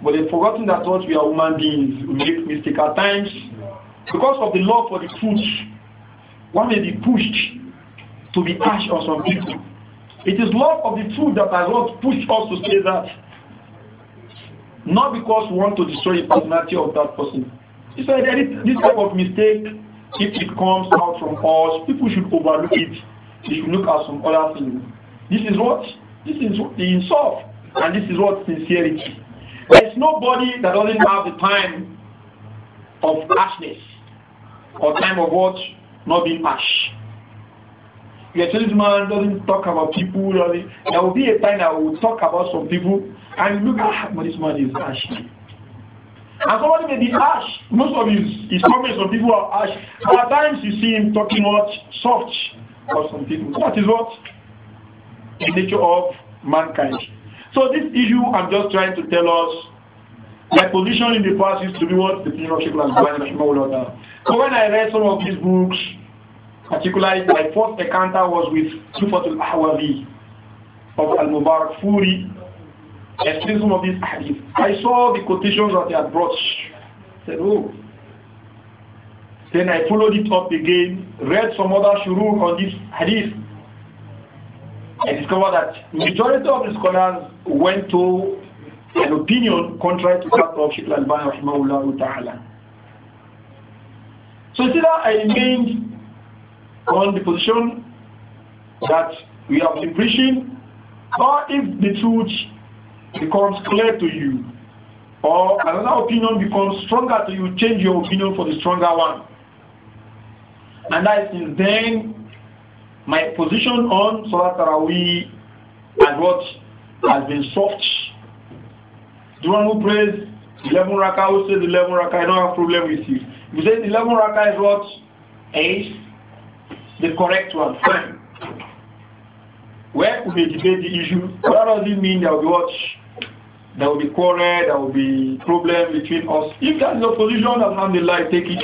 But they've forgotten that once we are human beings, we make mistakes at times. Because of the love for the truth, one may be pushed to be harsh on some people. It is love of the truth that has not pushed us to say that not because we want to destroy the personality of that person. He said this type of mistake, if it comes out from us, people should overlook it. They should look at some other things. This is what? This is the insult. And this is what sincerity. There's nobody that doesn't have the time of harshness or time of what? Not being harsh. Your man doesn't talk about people. There will be a time that will talk about some people and look at ah, this man is ash. And somebody may be ash. Most of his, his comments on people are ash. But at times you see him talking about Soft or some people. That is what? The nature of mankind. So this issue I'm just trying to tell us my position in the past used to be what the opinion of sheik So when I read some of these books, particularly my first encounter was with Sufatul Ahwazi of Al-Mubarak Furi some of this hadith. I saw the quotations that they had brought. I said, oh. Then I followed it up again, read some other shurur on this hadith. I discovered that majority of the scholars went to an opinion contrary to that of Sheikh Al-Bani rahimahullah ta'ala. So you see that I remained on the position that we have been preaching, or if the truth becomes clear to you, or another opinion becomes stronger to you, change your opinion for the stronger one. And that is then my position on Salat Tarawih and what has been soft. The one who prays 11 rakah, who says 11 rakah, I don't have problem with you. You say 11 rakah is what? Eight. The correct one. Fine. Where we may debate the issue, what does it mean that we watch? There will be quarrel, there will be problem between us. If that is your position, alhamdulillah, take it.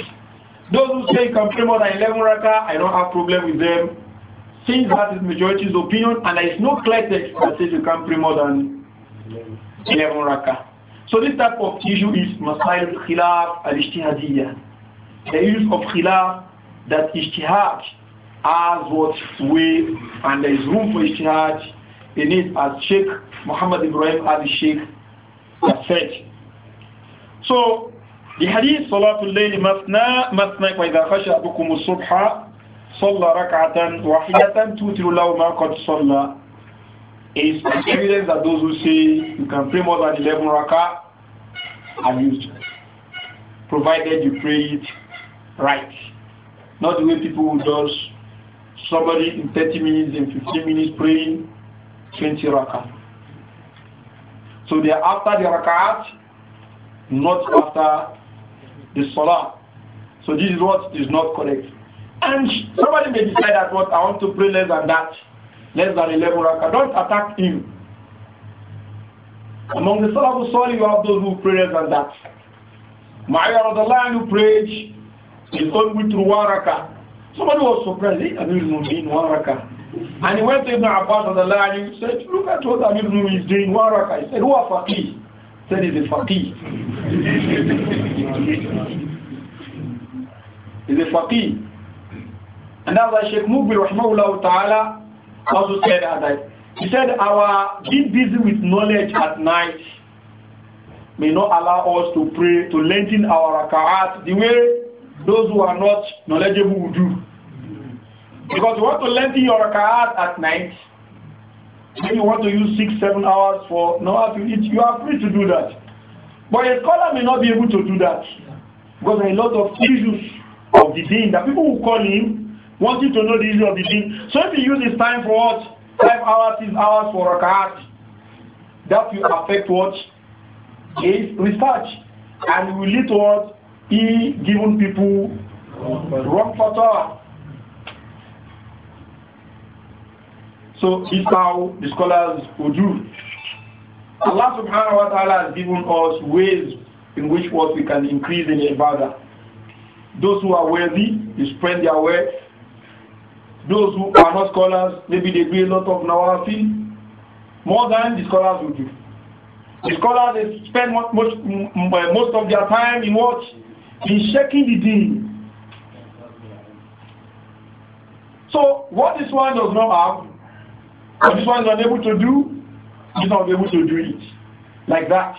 Those who say you can pray more than 11 rakah, I don't have problem with them. Since that is majority's opinion, and there is no clear text that says you can pray more than 11 rakah. So this type of issue is masail khilaf al-ijtihadiyya. The use of khilaf that ijtihad has what way and there is room for ijtihad in it as Sheikh Muhammad Ibrahim Ali Sheikh so the hadith Salatul Layl Masna Masna وإذا خشى أبكم الصبح صلى ركعة واحدة توتر له ما قد صلى is evidence that those who say you can pray more than 11 rakah are used provided you pray it right not the way people who does somebody in 30 minutes and 15 minutes praying 20 rakah so they are after the rak'at, not after the salah. So this is what is not correct. And somebody may decide that what I want to pray less than that, less than 11 rak'ah. Don't attack him. Among the Salafus Salih, you have those who pray less than that. Ma'ayah Radallah, who prayed his only with one rak'ah. Somebody was surprised, eh? Amir Mumin, one rak'ah. And he went to Ibn Abbas the Allah and he said, look at what Amir Nuri is doing, one raka?" He said, who are faqih? He said, he's a faqih. he's a faqih. And that's why Sheikh Mubir Rahmahullah Ta'ala also said that. He said, our being busy with knowledge at night may not allow us to pray, to lengthen our raka'at the way those who are not knowledgeable would do. Because you want to lengthen your rak'at at night. Maybe you want to use six, seven hours for no you are free to do that. But a scholar may not be able to do that. Because there are a lot of issues of the deen that people will call him wanting to know the issue of the deen. So if he uses time for what? Five hours, six hours for rak'at, that will affect what? His research. And will lead to what? He giving people wrong fatwa. So this how the scholars would do. Allah subhanahu wa ta'ala has given us ways in which what we can increase in ibadah. Those who are wealthy, they spread their wealth. Those who are not scholars, maybe they do a lot of nawafi, more than the scholars would do. The scholars they spend most, most, mm, eh, most of their time in what? In shaking the deen. So what this one does not have, and this one is unable to do, he's not able to do it. Like that.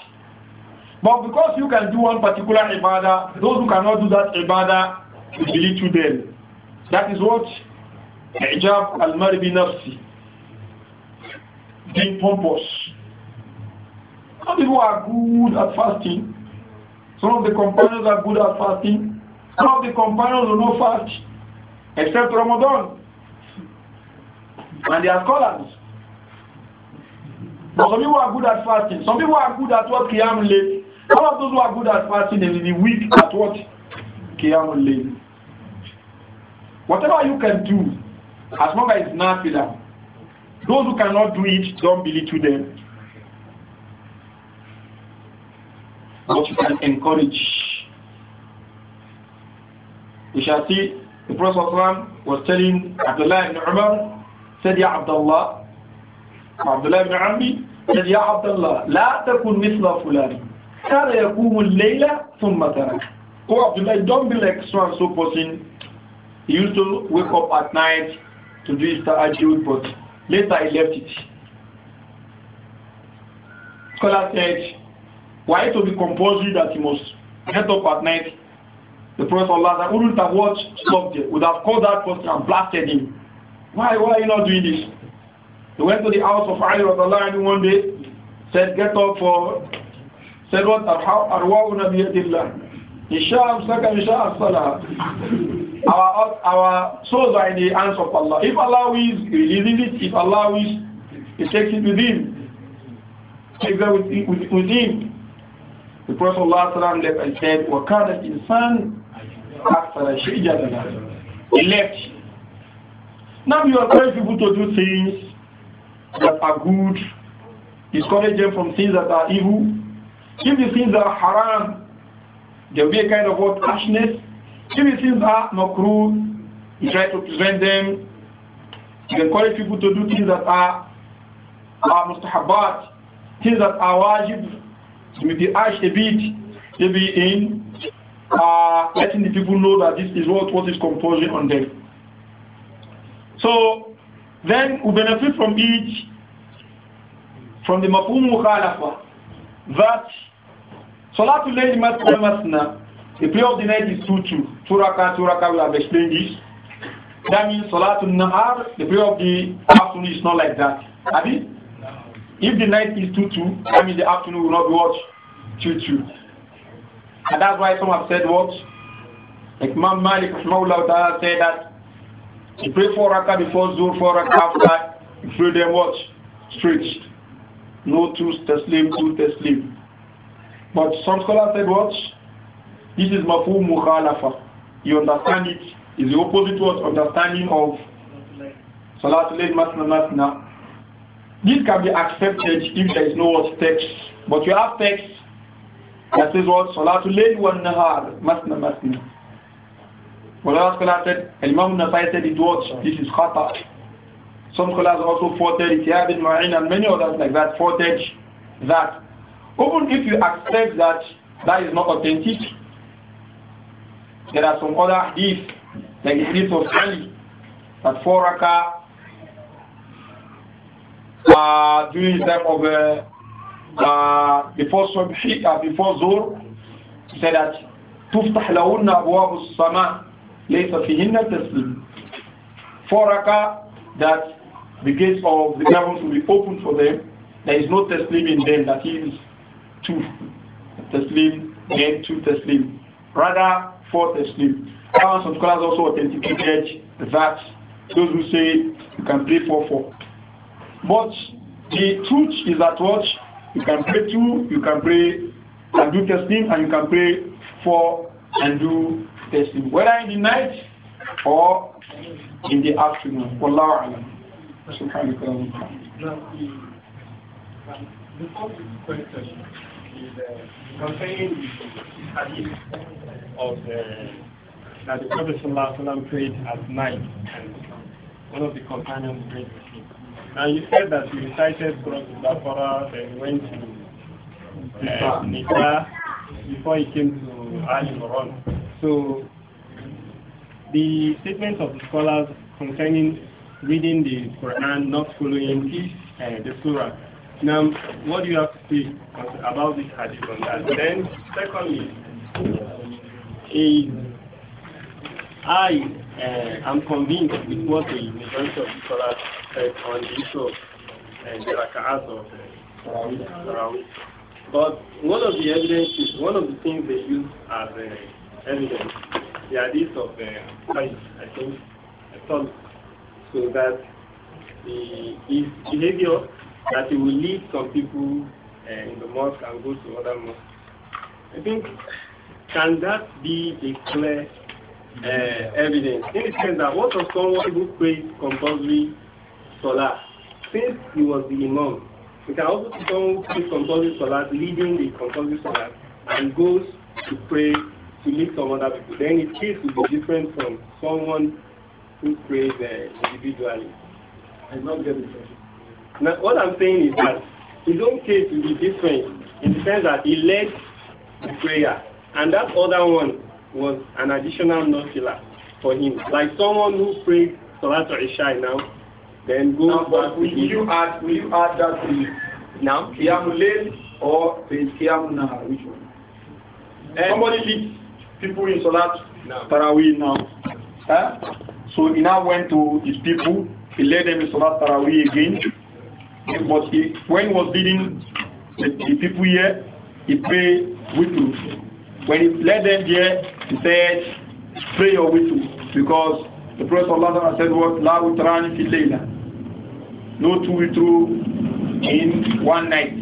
But because you can do one particular ibadah, those who cannot do that ibadah, you belittle them. That is what ajab al-Mari bin Nafsi. Being pompous. Some people are good at fasting. Some of the companions are good at fasting. Some of the companions do not fast, except Ramadan and they are scholars. But some people are good at fasting. Some people are good at what Qiyam late. Some of those who are good at fasting they will be weak at what Qiyam late. Whatever you can do, as long as it's not those who cannot do it, don't belittle them. But you can encourage. We shall see the Prophet was telling Abdullah ibn Umar said, Ya Abdullah, Abdullah ibn Ammi said, Ya Abdullah, لا تكن مثل فلان كان يقوم الليل ثم ترك Oh Abdullah, don't be like so and so person. He used to wake up at night to do his tahajjud, but later he left it. Scholar said, why to be compulsory that he must get up at night? The Prophet Allah wouldn't have watched, stopped it, would have called that person and blasted him. Why, why are you not doing this? He went to the house of Ali and one day, said, get up for, said, what, arwahuna biyadillah. Ishaam, Saka, Ishaam, asalaha. Our, our souls are in the hands of Allah. If Allah wills, He releases it. If Allah wills, He takes it with Him. Takes that with, with, with Him. The Prophet ﷺ left and said, وَكَانَ الْإِنسَانِ أَكْثَرَ شَيْءٍ He left. Now you trying people to do things that are good, discourage them from things that are evil. If the things that are haram, there will be a kind of what harshness. If the things are not cruel, you try to prevent them. You encourage people to do things that are, are mustahabat, things that are wajib. Maybe ash a bit, maybe in uh, letting the people know that this is what, what is composing on them. So then we benefit from each from the mapumu mukhalafa that Salatul Layl Masna Masna the prayer of the night is tutu. Turaka, turaka. we have explained this that means Salatul Nahar the prayer of the afternoon is not like that have you? if the night is two two that means the afternoon will not be what two two and that's why some have said what like Imam Malik Rahmahullah said that you pray four rakah before Zuhr, four rakah after, you pray them what? Straight. No two taslim, two taslim. But some scholars said what? This is mafu mukhalafa. You understand it. It's the opposite word understanding of Salatul Eid Masna Masna. This can be accepted if there is no what text. But you have text that says what? Salatul Eid wa Nahar Masna Masna. But other scholars said, Imam Nasai said it was, this is khata. Some scholars also quoted it, Yahab bin Ma'in and many others like that faulted that. Even if you accept that that is not authentic, there are some other hadith, like the hadith of Ali, that four rakah uh, during the time of uh, uh, before Subhi, uh, before Zul said that tuftah لهن wa السماء لَيْسَ فِيهِنَّ تَسْلِيمٌ Four rakah that the gates of the heavens will be open for them. There is no taslim in them, that is two taslim, and two taslim. Rather, four taslim. of scholars also authenticated that those who say you can pray four four. But the truth is that what you can pray two, you can pray and do taslim, and you can pray four and do testing, whether in the night or in the afternoon. Wallahu alam. Before The first question is uh, concerning the hadith of the, that the Prophet Sallallahu prayed at night and one of the companions prayed with him. Now you said that you recited Surah Al-Baqarah, then went to uh, Nisa before he came to Al Imran. So the statements of the scholars concerning reading the Quran, not following this, uh, the Surah. Now, what do you have to say about this hadith on that? Then, secondly, is I uh, am convinced with what the majority of the scholars said on the issue of uh, the raka'at of uh, Tarawih. But one of the evidences, one of the things they use as uh, evidence. The hadith of the uh, I think, I thought, so that the his behavior that he will lead some people uh, in the mosque and go to other mosques. I think can that be a clear uh, evidence in the sense that what of someone who prays compulsory salah since he was the imam we can also see someone who prays compulsory salah leading the compulsory salah and goes to pray to live from other people. Then his case will be different from someone who prays uh, individually. I not getting it. Now, what I'm saying is that his own case will be different in the sense that he led the prayer, and that other one was an additional nafila for him, like someone who prays Salat Isha now, then goes now, back. Will you add? Will you add that to it? Now, Qiyamul or Qiyamul Which one? Somebody leads people in Salat no. Taraweeh now. Eh? So he now went to his people, he led them in Salat Taraweeh again. But he, when he was leading the, the people here, he prayed with you. When he led them here, he said, pray your with you. Because the Prophet Allah said what? La utrani fi layla. No two with in one night.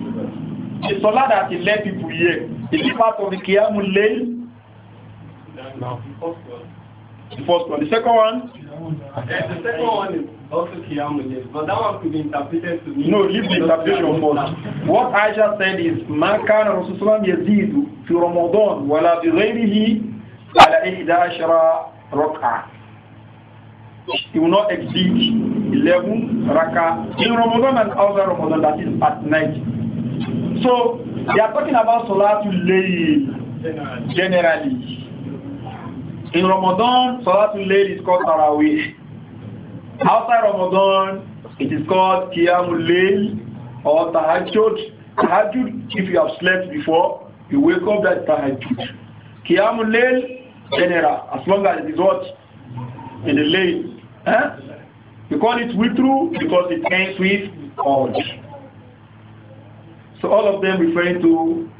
The Salat that he led people here, he left out of the Qiyamul Layl Now, the first one. The second one? Yes, eh, the second one is also Kiyamu, but that one could be interpreted to me. No, leave the interpretation first. What I just said is, Man kana Rasulullah yazidu fi Ramadan wala bi ghayrihi ala ihda ashara rak'a. He will not exceed 11 raka in Ramadan and other Ramadan, that is at night. So, they are talking about Salatul Layl generally. In Ramadan, Salatul Layl is called Taraweeh. Outside Ramadan, it is called Qiyamul Layl or Tahajjud. Tahajjud, if you have slept before, you wake up that Tahajjud. Qiyamul Layl, general, as long as it is what? In the Layl. Eh? You call it Witru because it ends with Qawj. So all of them referring to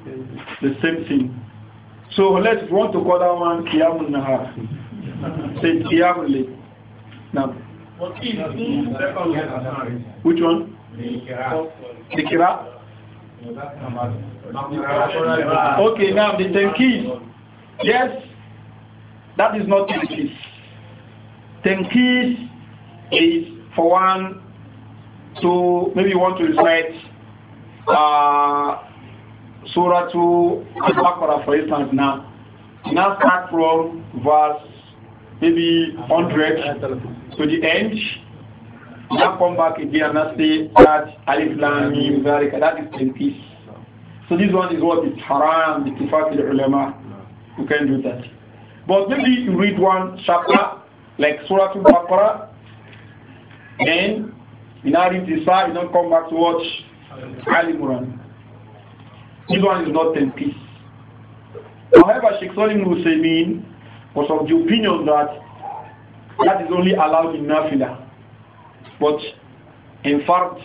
the same thing. So let's want to call that one Qiyamun Nahar. Say Qiyamun Layl. Now. Which one? The Kira. Okay, now the Tenkid. Yes, that is not Tenkid. Tenkid is for one to maybe want to recite uh, Surah to Al-Baqarah, for instance, now. Now start from verse maybe 100 to the end. Now come back again and say that Alif Lam Mim Zalika. That is in peace. So this one is what is haram, the tifaq ulama. You can do that. But maybe you read one chapter like Surah Al-Baqarah, then you now read Isa, you don't come back to watch Ali Muran. This one is not 10 piece. However, Sheikh Salim Hussein was of the opinion that that is only allowed in Nafila. But in fact,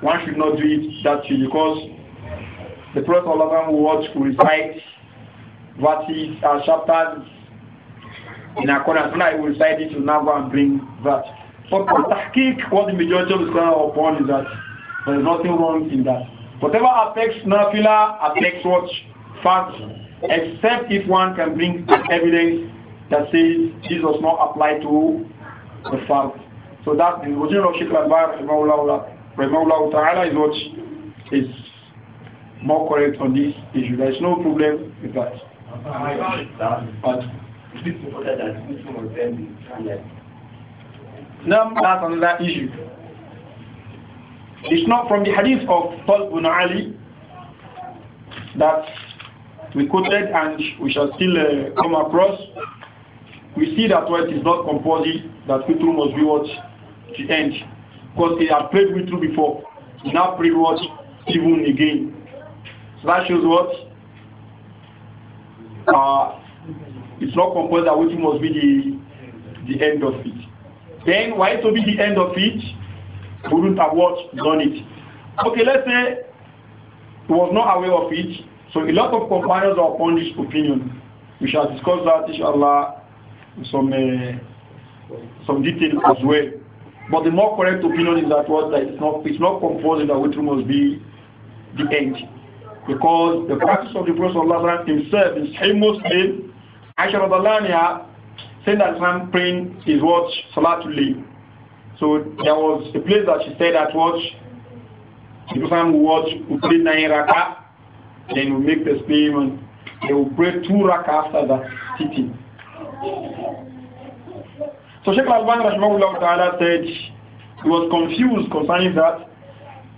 one should not do it that way because the Prophet Allah who watch will recite verses, uh, chapters in accordance. Now I will recite it, will and bring that. But for tahqiq, what the majority of the scholars upon is that there is nothing wrong in that. Whatever affects nafila affects what? Fast. Except if one can bring evidence that says this does not apply to the fast. So that the original of Sheikh Al-Bayr Ta'ala is what is more correct on this issue. There is no problem with that. But now that's another issue. It's not from the hadith of Paul ibn Ali that we quoted and we shall still uh, come across. We see that what is not composed that we must be what the end. Because they have played witru before. They now pray what even again. So that shows what uh, it's not composed that witru must be the the end of it. Then why to be the end of it? wouldn't have what done it. Okay, let's say he was not aware of it. So a lot of compilers are upon this opinion. We shall discuss that, inshallah, some uh, some detail as well. But the more correct opinion is that what that it's not it's not compulsory that witr must be the end. Because the practice of the Prophet Allah himself is Sahih Muslim, Aisha Radalaniya saying that Islam praying is what Salatul Layl. So there was a place that she said that watch, the person will watch, will pray nine rakah, then will make the statement, They will pray two rakah after that sitting. So Sheikh Al-Ban said he was confused concerning that.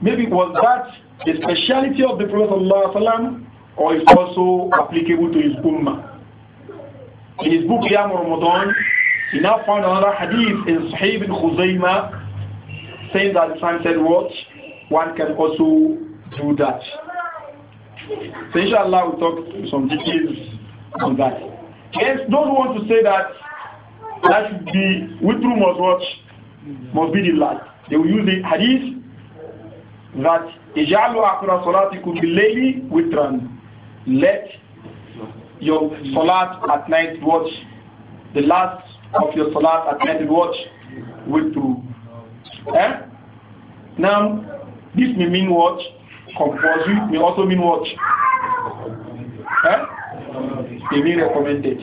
Maybe was that the speciality of the Prophet Sallallahu or is also applicable to his Ummah. In his book, Yam Ramadan, we now find another hadith in Sahih ibn Khuzaymah saying that the time said what? One can also do that. So inshallah we'll talk some details on that. Yes, don't want to say that that should be witru must watch must be the last. They will use the hadith that Ijalu akura salatikum bilayli witran. Let your salat at night watch the last of your salat at night is what? Witru. Eh? Now, this may mean watch Compulsory. May also mean watch. Eh? May mean recommended.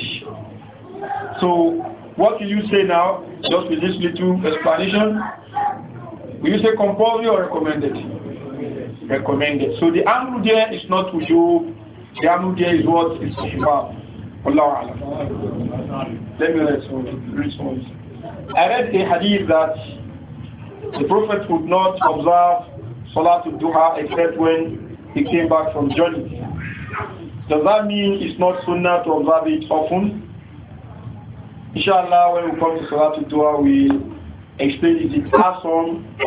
So, what will you say now, just with this little explanation? Will you say compulsory or recommended? Recommended. So the angle there is not to wujub. The angle there is what is shifab. Allah Let me I read a hadith that the Prophet would not observe Salatul Duha except when he came back from journey. Does that mean it's not sunnah to observe it often? Inshallah, when we come to Salatul Duha, we explain it in some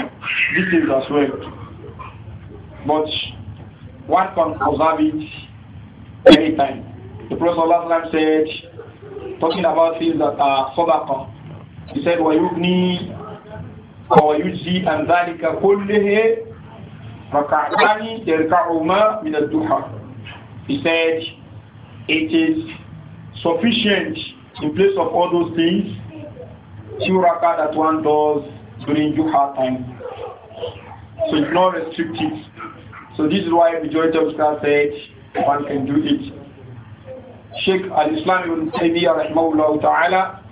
details as well. But one can observe it anytime. The Prophet Allah said, talking about things that are sadaqah, he said, وَيُبْنِي وَيُجْزِي أَنْ ذَلِكَ كُلِّهِ رَكَعْتَانِ يَرْكَعُمَا مِنَ الدُّحَى He said, it is sufficient in place of all those things, two rakah that one does during duha time. So it's not restricted. So this is why majority of scholars said one can do it. Sheikh al-Islam ibn Taymiyyah rahimahullah ta'ala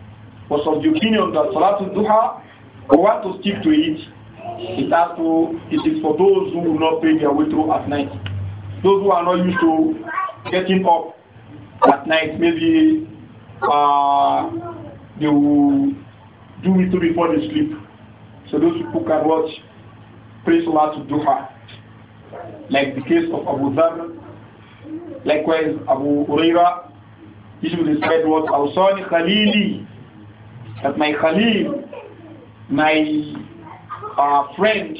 was of the opinion that Salatul Duha, we want to stick to it. It, has to, it is for those who will not pay their way through at night. Those who are not used to getting up at night, maybe uh, they will do it before they sleep. So those people can watch pray Salatul Duha, like the case of Abu Dhar, likewise Abu Uraira, he should recite what Awsani Khalili, that my Khalil, my uh, friend,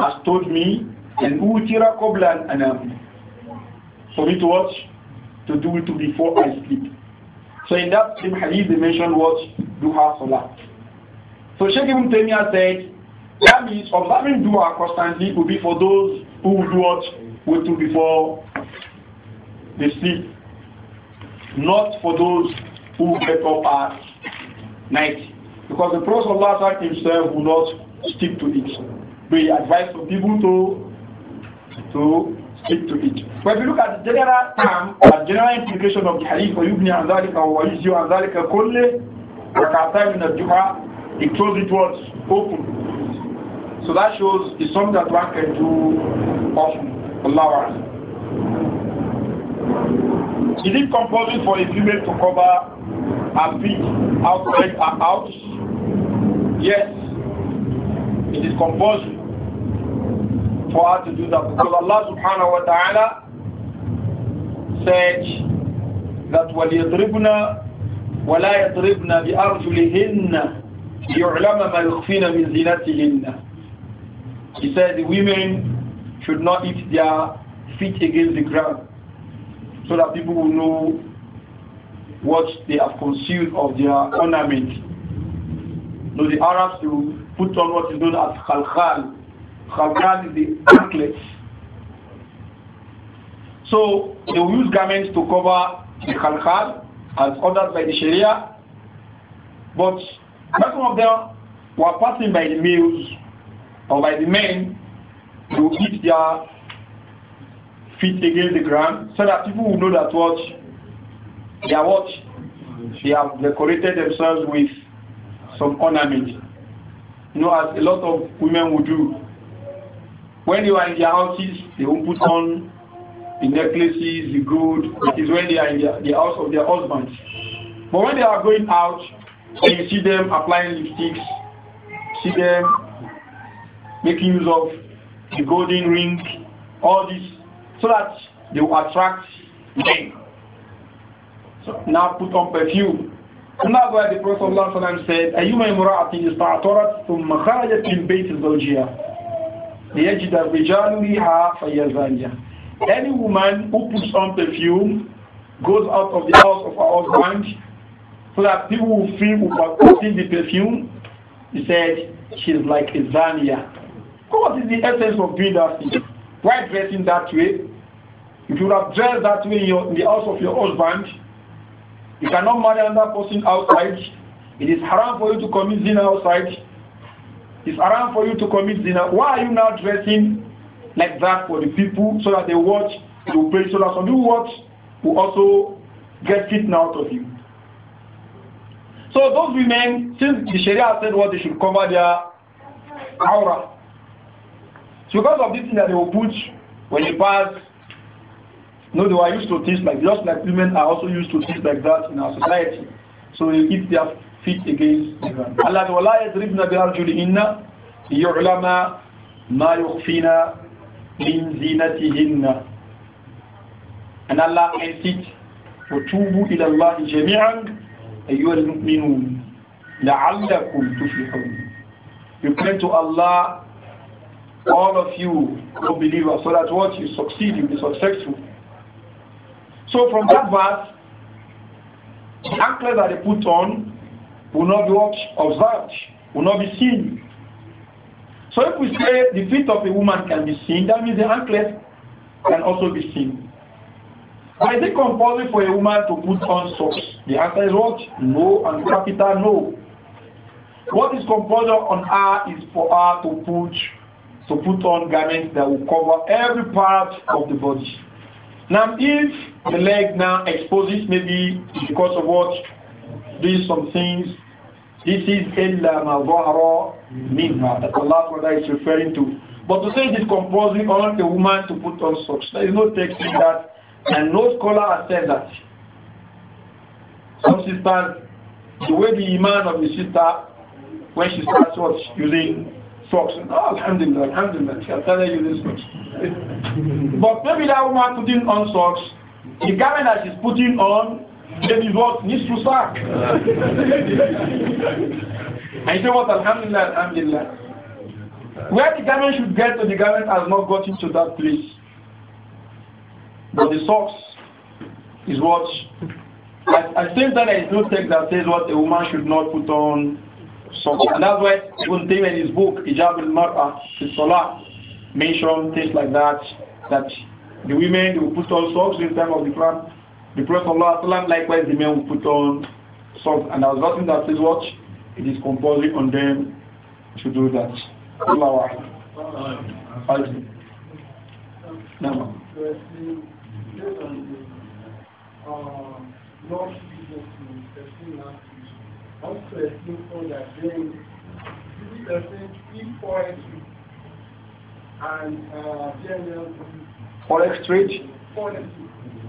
has told me, and Utira Koblan Anam, for me to watch, to do it before I sleep. So in that same hadith, they mentioned what Duha Salah. So Sheikh Ibn Taymiyyah said, that means observing Duha constantly will be for those who do what, will do before they sleep not for those who get up at night. Because the Prophet Allah himself will not stick to it. We advise for people to to stick to it. But if you look at the general term, the general implication of the hadith, وَيُبْنِي عَنْ or وَيُزْيُ عَنْ ذَلِكَ كُلِّ in the الْجُمْعَةِ It closes it was open. So that shows it's something that one can do often. Allah is it compulsory for a female to cover her feet outside her house? Yes. It is compulsory for her to do that because Allah subhanahu wa ta'ala said that وَلْيَضْرِبْنَا وَلَا يَضْرِبْنَا بِأَرْجُلِهِنَّ لِيُعْلَمَ مَا يُخْفِينَ مِنْ زِينَتِهِنَّ He said the women should not eat their feet against the ground so that people will know what they have concealed of their ornament. Now the Arabs will put on what is known as khalkhal. Khalkhal is the anklet. So they will use garments to cover the khalkhal as ordered by the Sharia. But some of them were passing by the males or by the men to eat their feet against the ground so that people will know that what they are what they have decorated themselves with some ornament. You know, as a lot of women would do. When they are in their houses, they will put on the necklaces, the gold. It is when they are in their, the house of their husbands. But when they are going out, you see them applying lipsticks, see them making use of the golden ring, all these so that they will attract men. So now put on perfume. And that's why the Prophet of ﷺ said, أيما امرأة استعطرت ثم The من that we generally have بها فيزانيها Any woman who puts on perfume goes out of the house of her husband so that people will feel will see the perfume. He said, she's like a zania. What is the essence of being that thing? Why dressing that way? If you have dressed that way in, your, in the house of your husband, you cannot marry another person outside. It is haram for you to commit zina outside. It's haram for you to commit zina. Why are you now dressing like that for the people so that they watch, they will pray, so that some people watch will also get fitna out of you? So those women, since the Sharia said what they should cover their aura, so because of this thing that they will put when you pass no, they were used to things like just like women are also used to things like that in our society. So they keep their feet against the ground. Allah وَلَا يَضْرِبْنَ بِأَرْجُلِهِنَّ لِيُعْلَمَ مَا يُخْفِينَ مِنْ زِينَتِهِنَّ And Allah ends it وَتُوبُوا إِلَى اللَّهِ جَمِيعًا أَيُّهَا الْمُؤْمِنُونَ لَعَلَّكُمْ تُفْلِحُونَ You pray to Allah all of you who believers so that what you succeed, you be successful. So from that verse, the anklets that they put on will not be watched, observed, will not be seen. So if we say the feet of a woman can be seen, that means the anklet can also be seen. But is it compulsory for a woman to put on socks? The answer is what? No, and capital no. What is compulsory on her is for her to put to put on garments that will cover every part of the body. Now, if the leg now exposes, maybe because of what, doing some things, this is illa ma minha that Allah Ta'ala is referring to. But to say it is compulsory on a woman to put on socks, there is no text in that, and no scholar has said that. Some sisters, the way the iman of the sister, when she starts what, using socks. Oh, alhamdulillah, alhamdulillah. I'm telling you this much. but maybe that woman putting on socks, the garment that she's putting on, then is what needs to sack. and you say what, alhamdulillah, alhamdulillah. Where the garment should get to, the garment has not got into that place. But the socks is what. i at the there is no text that says what a woman should not put on so and that's why even Taymiyyah in his book Ijab al Mara, Salah mentioned things like that that the women will put on socks in time of the Quran. The Prophet Allah likewise the men will put on socks and I was asking that says what it is compulsory on them to do that. Allah no how to explain for that doing. This is the same e-poetry and uh, general forex trade. Forex,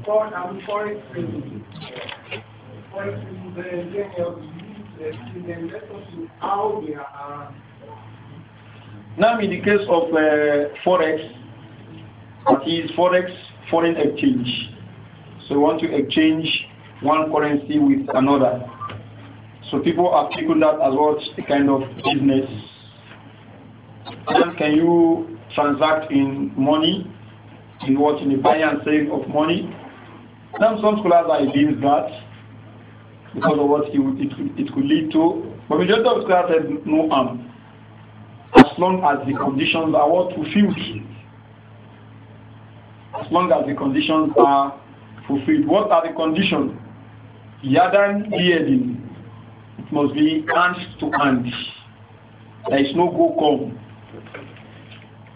for, exchange. forex trading. Forex trading, the general explain let us see how they are. Uh, now, in the case of uh, forex, that is forex foreign exchange. So, you want to exchange one currency with another. So people have taken that as what a kind of business. can you transact in money, in what in the buy and sale of money? some scholars are against that because of what it, it, it could lead to. But majority of scholars said no harm as long as the conditions are what fulfilled. As long as the conditions are fulfilled. What are the conditions? Yadan yedin must be hand to hand. There is no go come.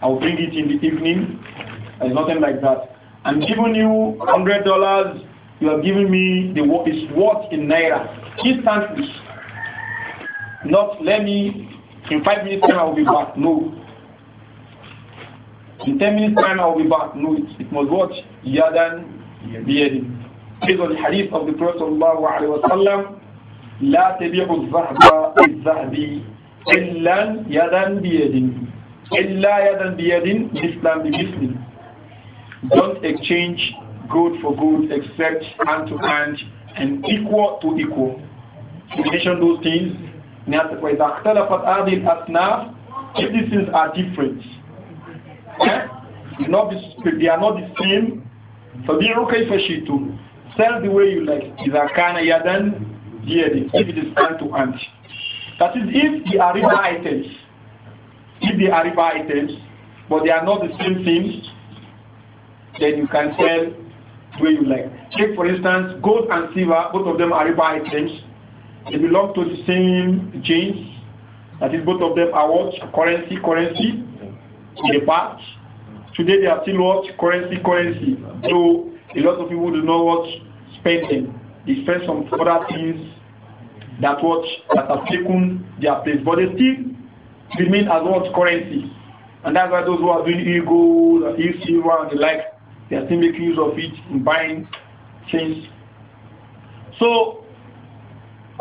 I'll bring it in the evening. There's nothing like that. I'm giving you hundred dollars. You are giving me the what is worth in naira instantly. Not let me in five minutes time I will be back. No. In ten minutes time I will be back. No. It, it must watch yadan biyadin. Based on the hadith of the Prophet sallallahu لا تبيع الذهب بالذهب إلا يدا بيد إلا يدا بيد مثلا بمثل Don't exchange good for good except hand to hand and equal to equal. You mention those things. وإذا اختلفت هذه الأصناف if these things are different, eh? they are not the same. for كيف to Sell the way you like. إذا كان يدا if it is hand to hand. That is, if the are items, if the are items, but they are not the same thing, then you can sell where you like. Take for instance, gold and silver, both of them are riba items. They belong to the same chains. That is, both of them are what? Currency, currency in the past. Today they are still what? Currency, currency. So a lot of people do not what spending despite some other things that what that have taken their place, but they still remain as what currency. And that's why those who are doing e-gold, e-silver, and the like, they are still making use of it in buying things. So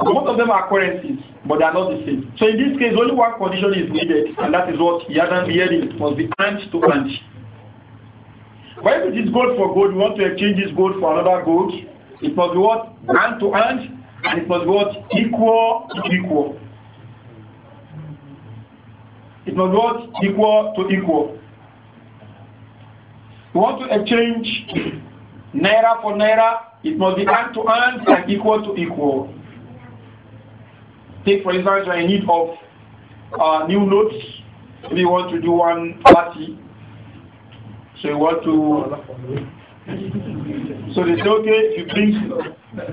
most of them are currencies, but they are not the same. So in this case, only one condition is needed, and that is what Yadan Yedin must be hand to hand. Why is this gold for gold, you want to exchange this gold for another gold, it must be what? Hand to hand, and it must be what? Equal to equal. It must be what? Equal to equal. You want to exchange naira for naira, it must be hand to hand and equal to equal. Take for instance, you are in need of uh, new notes. Maybe you want to do one party. So you want to so they say, okay, you bring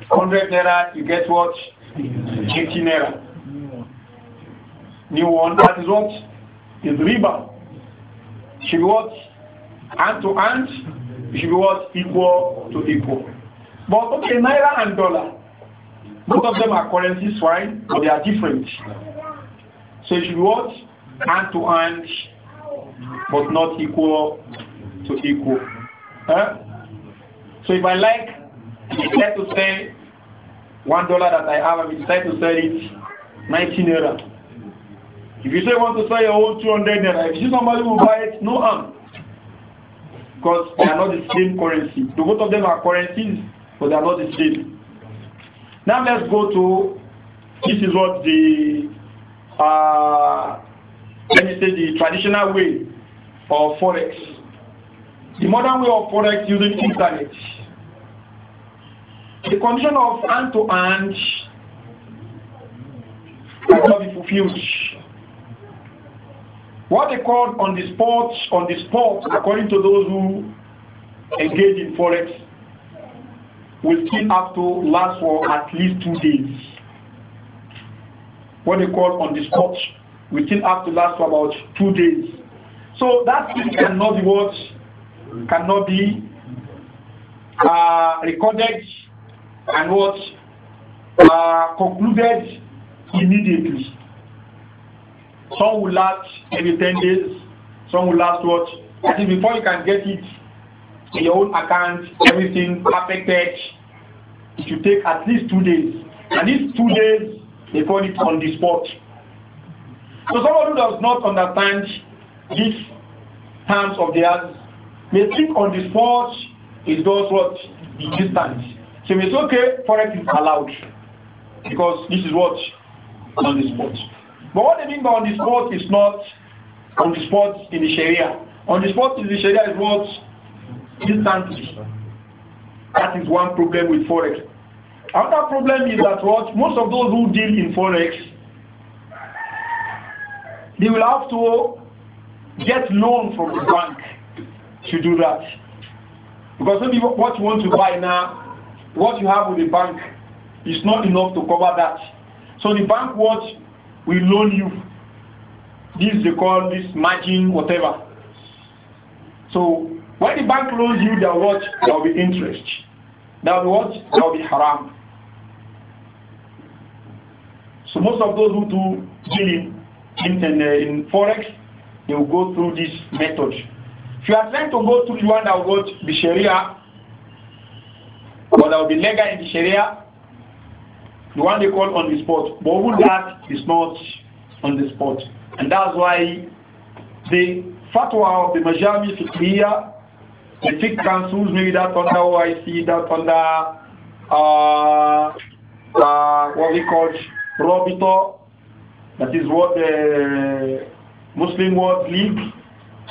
100 naira, you get what? 50 naira. New one, that is what? Is riba. Should be what? Hand to hand, should be what? Equal to equal. But okay, naira and dollar. Both of them are currencies, right? but they are different. So it should be what? Hand to hand, but not equal to equal. Huh? So if I like, decide to sell one dollar that I have, I decide to sell it 19 euro. If you say you want to sell your own 200 naira, if you somebody will buy it, no harm. Because they are not the same currency. The both of them are currencies, but they are not the same. Now let's go to this is what the uh, let me say the traditional way of forex. The modern way of forex using internet the condition of hand to hand cannot be fulfilled. What they call on the spot, on the spot, according to those who engage in forex, will still have to last for at least two days. What they call on the spot will still have to last for about two days. So that cannot be what cannot be uh, recorded and what are uh, concluded immediately. Some will last maybe 10 days, some will last what? I think before you can get it in your own account, everything perfected, it should take at least two days. And these two days, they call it on the spot. So someone who does not understand these terms of theirs They think on the spot is just what? The distance. So if it's okay, forex is allowed because this is what on the spot. But what they mean by on the spot is not on the spot in the Sharia. On the spot in the Sharia is what instantly. That is one problem with forex. Another problem is that what most of those who deal in forex, they will have to get loan from the bank to do that. Because maybe what you want to buy now what you have with the bank is not enough to cover that. So the bank what will loan you. This they call this margin, whatever. So when the bank loans you, their will There will be interest. That will be what? There will be haram. So most of those who do dealing in, in, uh, in forex, they will go through this method. If you are trying to go through the one that will to the Sharia, but I will be legal in the Sharia. The one they call on the spot. But even that is not on the spot. And that's why the fatwa of the Majami Fiqhiyya, the fiqh councils, maybe that under OIC, that under uh, uh, what we call Robito, that is what the Muslim World League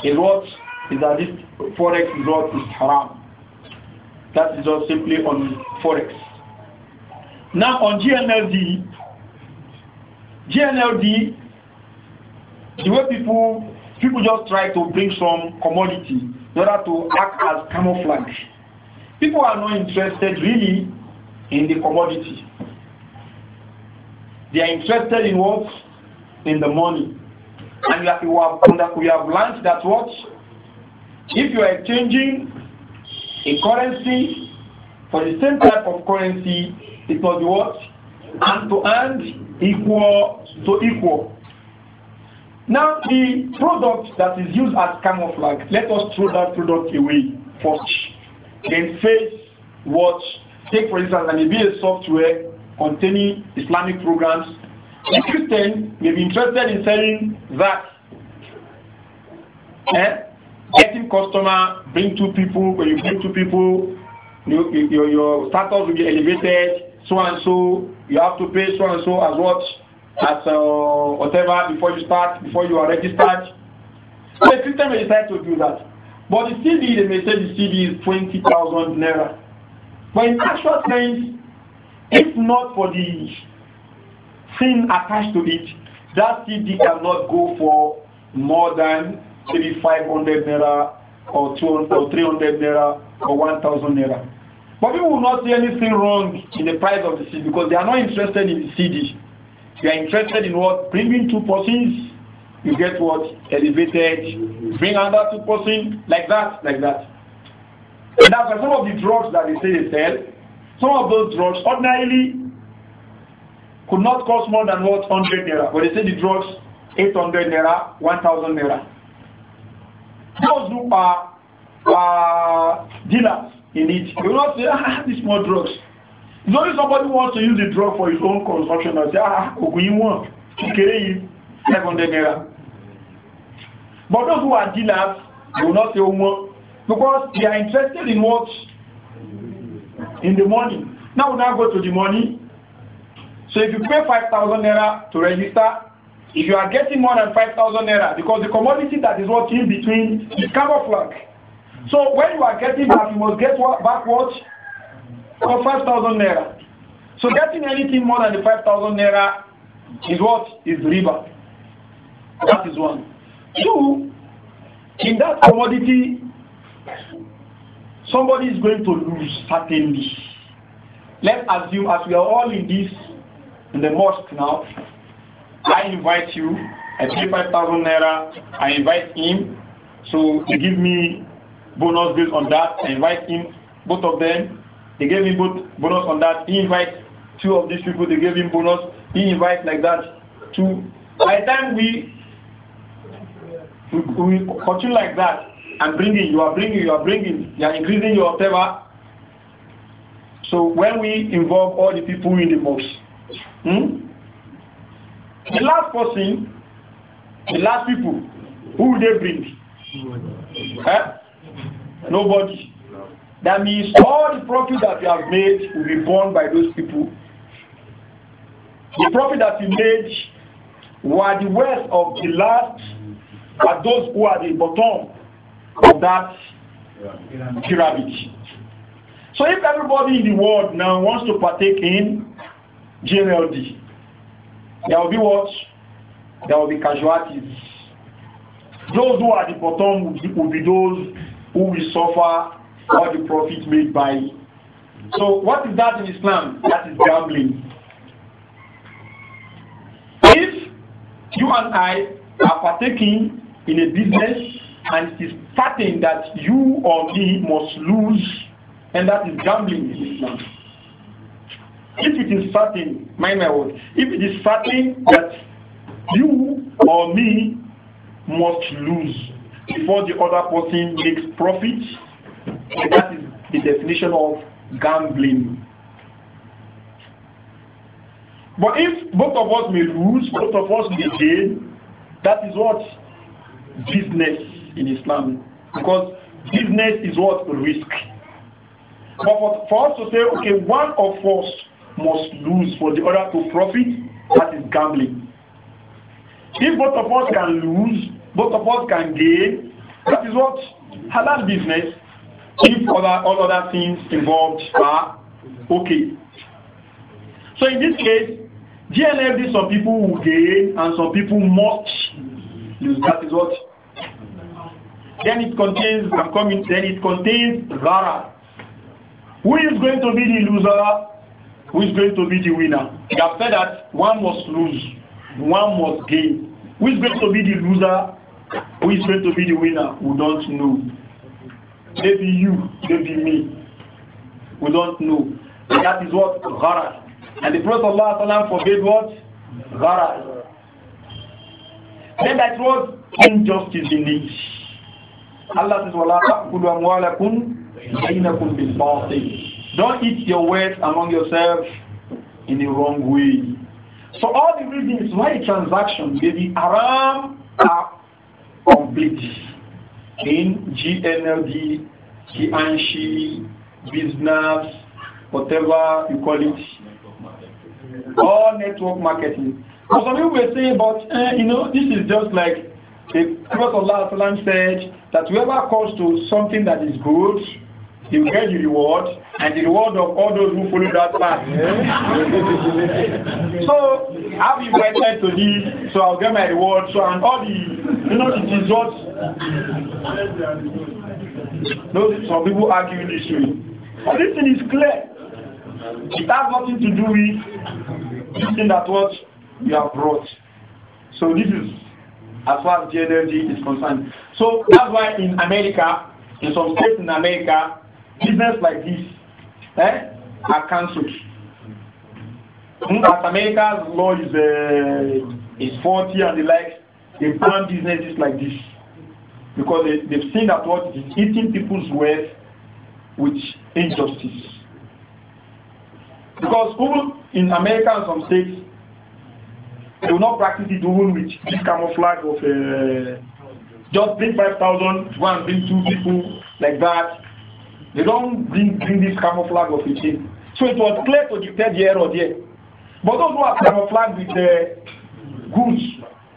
is what is that this forex is what is haram. That is all simply on Forex. Now on GNLD, GNLD, the way people people just try to bring some commodity in order to act as camouflage. People are not interested really in the commodity. They are interested in what? In the money. And we have, we have learned that what? If you are exchanging a currency, for the same type of currency, it must be what? to end equal to equal. Now, the product that is used as camouflage, let us throw that product away first. Then face what, take for instance, an EBA software containing Islamic programs. A Christian may be interested in selling that. Eh? customer bring two people, when you bring two people, you, you, your, your status will be elevated, so and so, you have to pay so and so as what, as uh, whatever before you start, before you are registered. So the system may decide to do that. But the CD, they may say the CD is 20,000 naira. But in actual sense, if not for the thing attached to it, that CD cannot go for more than maybe 500 naira or 200 or 300 naira or 1000 naira. But people will not see anything wrong in the price of the CD because they are not interested in the CD. They are interested in what? Bringing two persons, you get what? Elevated. Bring another two persons, like that, like that. And that's some of the drugs that they say they sell, some of those drugs ordinarily could not cost more than what? 100 naira. But they say the drugs, 800 naira, 1000 naira. Those who are uh, dealers in it, you will not say, ah, these more drugs. It's only somebody who wants to use the drug for his own consumption and say, ah, you want, okay, 700 naira. But those who are dealers, they will not say, oh, because they are interested in what? In the money. Now we now go to the money. So if you pay 5,000 naira to register, if you are getting more than 5,000 naira, because the commodity that is what in between is camouflage. So when you are getting back, you must get what, back what? For 5,000 naira. So getting anything more than the 5,000 naira is what? Is riba. That is one. Two, in that commodity, somebody is going to lose certainly. Let's assume, as we are all in this, in the mosque now, I invite you, I pay 5,000 naira, I invite him, so he give me bonus based on that, I invite him, both of them, they gave me both bonus on that, he invites two of these people, they gave him bonus, he invites like that, two. By the time we, we, we continue like that, and bringing, you are bringing, you are bringing, you are increasing your whatever. So when we involve all the people in the box. hmm? The last person, the last people, who will they bring? Huh? Eh? Nobody. That means all the profit that you have made will be borne by those people. The profit that you made were the wealth of the last, but those who are the bottom of that pyramid. So if everybody in the world now wants to partake in G L D. There will be what? There will be casualties. Those who are at the bottom will be, those who will suffer all the profit made by. So what is that in Islam? That is gambling. If you and I are partaking in a business and it is certain that you or me must lose, and that is gambling in Islam. If it is certain, mind my word, if it is certain that you or me must lose before the other person makes profit, that is the definition of gambling. But if both of us may lose, both of us may gain, that is what business in Islam. Because business is what risk. But for, for us to say, okay, one of us must lose for the other to profit, that is gambling. If both of us can lose, both of us can gain, that is what ah, halal business. If other, all other things involved are okay. So in this case, GNFD some people will gain and some people must lose. That is what. Then it contains, I'm coming, then it contains Zara. Who is going to be the loser? who is going to be the winner? We have said that one must lose, one must gain. Who is going to be the loser? Who is going to be the winner? We don't know. Maybe you, maybe me. We don't know. that is what Ghara. And the Prophet Allah forbade what? Ghara. Then that was injustice in it. Allah says, وَلَا don't eat your words among yourselves in the wrong way. So all the reasons why the transaction may be haram are complete in GNLD, Kianshi, business, whatever you call it. All network marketing. Because some people were say, but uh, you know, this is just like the Prophet said that whoever calls to something that is good, you will get the reward and the reward of all those who follow that path. so I've been invited to this, so I'll get my reward. So and all the you know it is what no some people argue this way. But this thing is clear. It has nothing to do with this thing that what you have brought. So this is as far as GNLG is concerned. So that's why in America, in some states in America, business like this eh, are cancelled. Hmm, As America's law is, uh, is 40 and the like, they ban businesses like this because they, have seen that what is eating people's wealth with injustice. Because even in America and some states, they will not practice it even with this camouflage of uh, just bring 5,000, one, bring two people like that. They don't bring, bring this camouflage of it in. So it was clear to the third year or there. But those who are camouflaged with the uh, goods,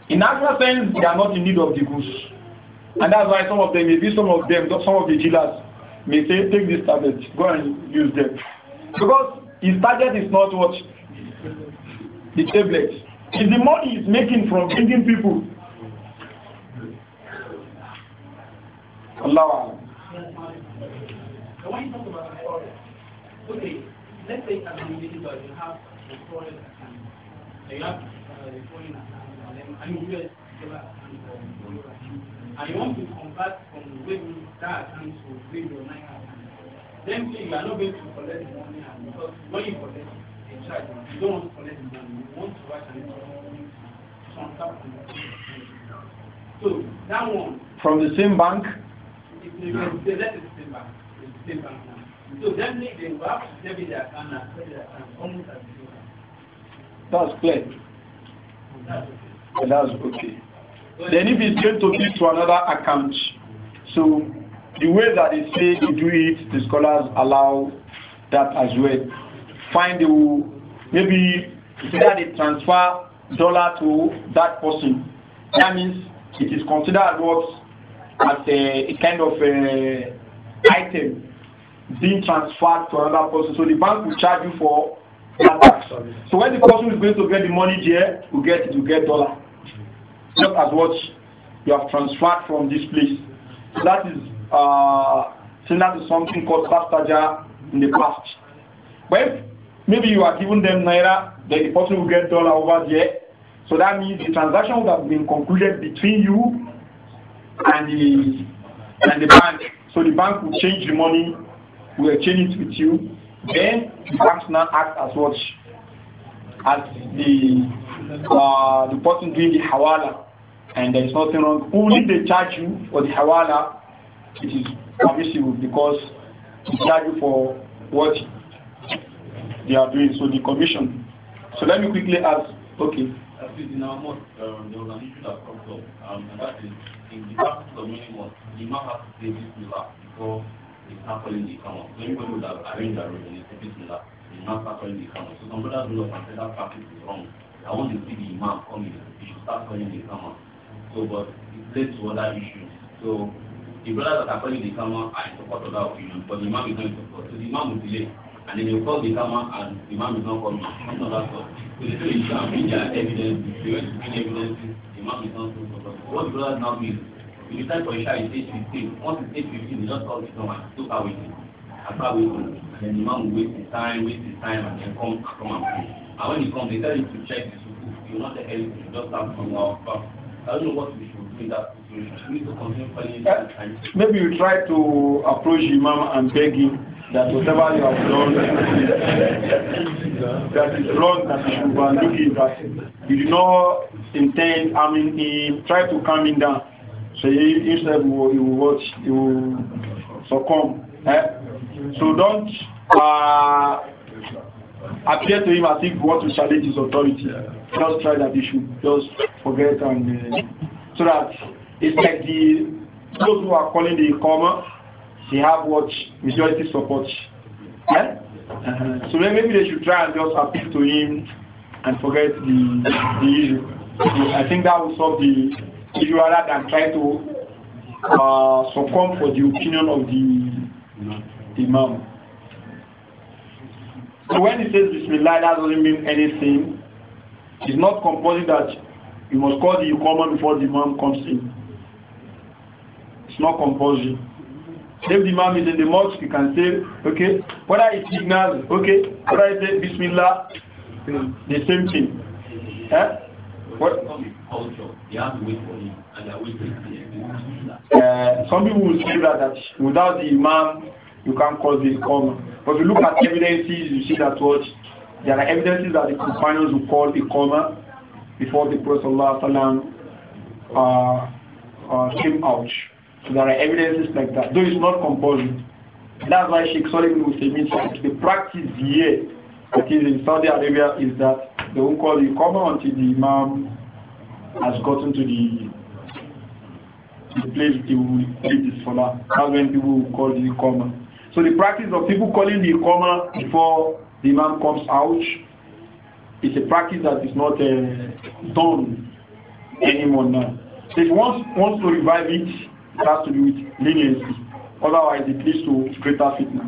in actual sense, they are not in need of the goods. And that's why some of them, maybe some of them, some of the dealers may say, take this tablet, go and use them. Because his target is not what? The tablet. If the money is making from bringing people, Allah when you talk about forest, okay, let's say as an individual you have the forest and you have uh, the and then and you and you want to convert from where wave that account to where wave are nine Then say you are not going to collect the money and because when you collect a charge, you don't want to collect the money, you want to write an so that one. From the same bank? It, it, it, that is the same bank. So uh, That's clear. That's okay. then if it's going to be to another account, so the way that they say they do it, the scholars allow that as well. Find the maybe that they transfer dollar to that person. That means it is considered what as a, a kind of a uh, item being transferred to another person. So the bank will charge you for that tax. So when the person is going to get the money there, you get it, you get dollar. Just as what you have transferred from this place. So that is uh, similar to something called Pastaja in the past. But maybe you are giving them naira, then the person will get dollar over there. So that means the transaction would have been concluded between you and the and the bank. So the bank will change the money we exchange it with you, then the banks now act as what? As the uh, the person doing the hawala, and there is nothing wrong. Only they charge you for the hawala, it is permissible because they charge you for what they are doing, so the commission. So let me quickly ask, okay. In our mosque, um, there was an issue that up, um, and that is in the of many the has to is not calling the account. So anybody would have arranged that road and it's bismillah, is not start calling the account. So some brothers will not consider practice is wrong. I want to see the imam coming, he should start calling the account. So but it leads to other issues. So the brothers that are calling the account are in support of that opinion, but the imam is not in support. So the imam will delay. And then you call the camera and the imam is not coming. That's not that stuff. So they say you can evidence, they went evidence, the imam is not so supportive. What brothers now mean the for Isha once it's eight fifteen just call two waiting waiting and then the man will waste his time waste his time and then come come and and when he they tell to check the you tell anything you just I don't know what we should do in that situation we need to continue time. maybe you try to approach imam and beg him that whatever you have done that is wrong that you should be looking you do not intend I mean try to calm him down so he, instead, will watch, he will succumb. Eh? So don't uh, appear to him as if what to challenge his authority. Just try that issue. just forget and uh, so that it's like the those who are calling the comma, they have what majority support. Eh? Uh, so maybe they should try and just appeal to him and forget the, the issue. So I think that will solve the issue rather than try to uh, succumb for the opinion of the Imam. So when he says Bismillah, that doesn't mean anything. It's not compulsory that you must call the Imam before the Imam comes in. It's not compulsory. If the Imam is in the mosque, you can say, okay, whether it signals, okay, whether it Bismillah, the same thing. Eh? What? Uh, some people will say that, that without the imam, you can't cause the coma. But if you look at evidences, you see that what there are evidences that the companions will call the coma before the Prophet uh, uh, came out. So there are evidences like that, though it's not compulsory. That's why Sheikh Solomon saying that the practice here, that is in Saudi Arabia, is that they won't call the coma until the imam has gotten to the, the place he will lead for now. That's when people will call the comma. So the practice of people calling the comma before the man comes out is a practice that is not uh, done anymore now. So if one wants to revive it, it has to do with leniency. Otherwise, it leads to greater fitness.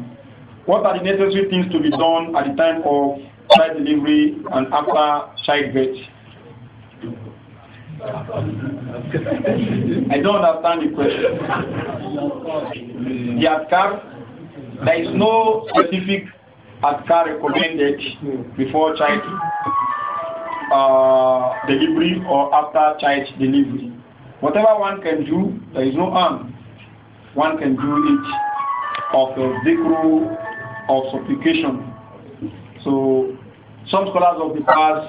What are the necessary things to be done at the time of child delivery and after childbirth? I don't understand the question. The there is no specific Ascar recommended before child uh, delivery or after child delivery. Whatever one can do, there is no harm. One can do it of a zikru of supplication. So some scholars of the past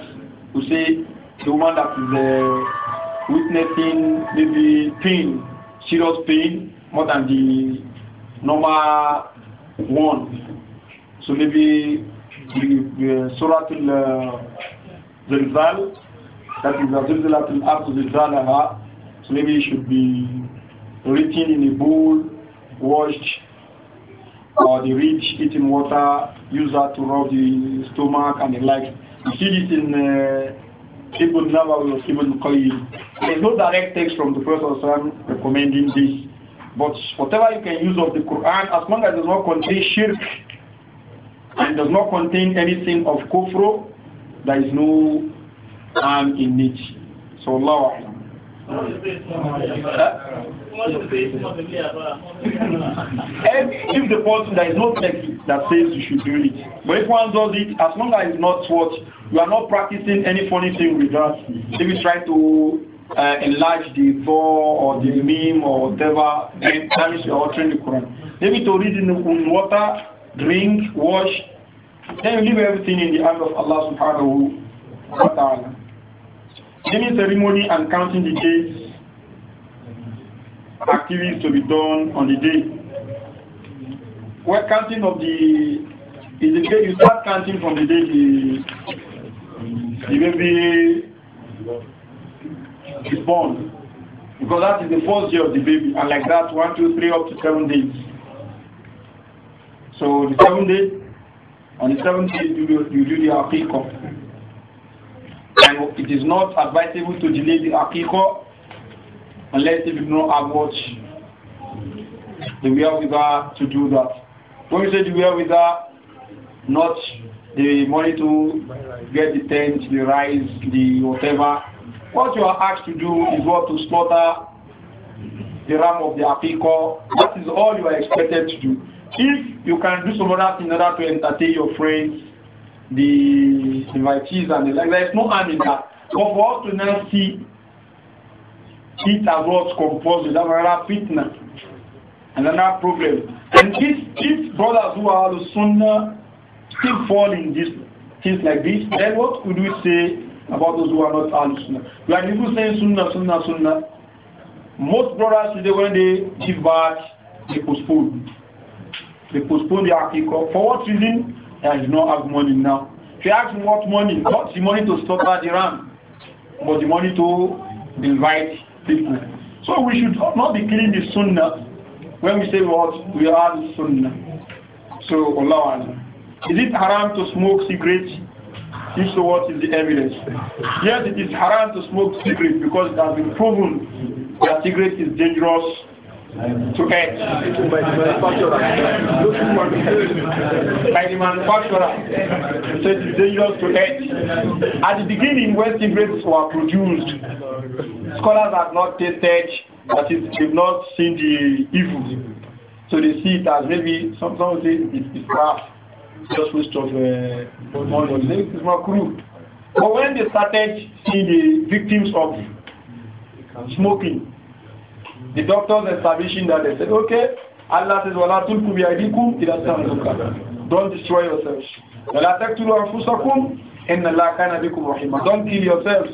who say the woman that is uh, witnessing maybe pain, serious pain, more than the normal one. So maybe the, the Surah uh, the that is the Zilzal Al-Arz Zilzalaha, so maybe it should be written in a bowl, washed, or the rich eating water, use that to rub the stomach and the like. You see this in uh, Ibn Nawawi or Ibn Qayyim. There is no direct text from the Prophet recommending this. But whatever you can use of the Quran, as long as it does not contain shirk and does not contain anything of kufr, there is no harm in it. So Allah. if the person there is no text that says you should do it, but if one does it, as long as it's not what you are not practicing any funny thing with us, if you try to uh, enlarge the ball or the meme or whatever, then that is you're altering the Quran. Maybe to read in, in water, drink, wash, then leave everything in the hand of Allah subhanahu wa ta'ala. Any ceremony and counting the days, activities to be done on the day. What counting of the is the day you start counting from the day the, the baby is born. Because that is the first day of the baby. And like that, one, two, three, up to seven days. So the seventh day, on the seventh day, you, do, you do the aqiqah. And it is not advisable to delay the aqiqah unless if you don't have much the her to do that. When you say the wherewithal, not the money to get the tent, the rice, the whatever, what you are asked to do is what to slaughter the ram of the apiko. That is all you are expected to do. If you can do some other thing in order to entertain your friends, the invitees and the like, there is no harm in that. But for us to now see it as what's composed, that's another fitna, another problem. And if, if brothers who are the sunnah still fall in this, things like this, then what could we say about those who are not Sunnah. like are people saying Sunnah, Sunnah, Sunnah. Most brothers today, when they give birth, they postpone. They postpone the article. For what reason? There is no have money now. If you ask what money, not the money to slaughter the ram, but the money to invite people. So we should not be killing the Sunnah when we say what? We are the Sunnah. So, Allah Is it haram to smoke cigarettes? If so, what is the evidence? Yes, it is haram to smoke cigarettes because it has been proven that cigarette is dangerous to health. By the manufacturer, it it's dangerous to health. At the beginning, when cigarettes were produced, scholars have not tested, but is, they've not seen the evil. So they see it as maybe sometimes it's, it's just waste of uh, money. It's makruh. But when they started seeing the victims of smoking, the doctors establishing that they said, okay, Allah says, وَلَا تُلْكُ بِأَيْدِكُمْ السَّمْكَ Don't destroy yourselves. رَحِيمًا Don't kill yourselves.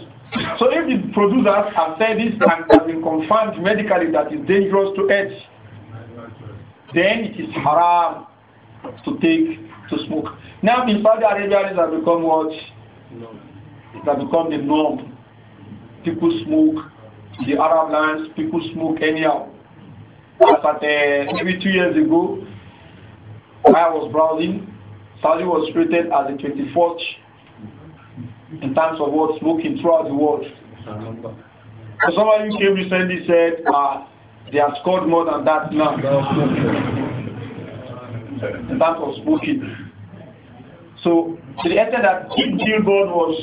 So if the producers have said this and has been confirmed medically that is dangerous to eat, then it is haram to take to smoke. Now in Saudi Arabia, it has become what? It has become the norm. People smoke in the Arab lands, people smoke anyhow. As at, uh, maybe two years ago, I was browsing. Saudi was rated as the 24th in terms of what smoking throughout the world. So somebody who came recently said, uh, they have scored more than that now. in terms of smoking. So to the extent that King Gilbert was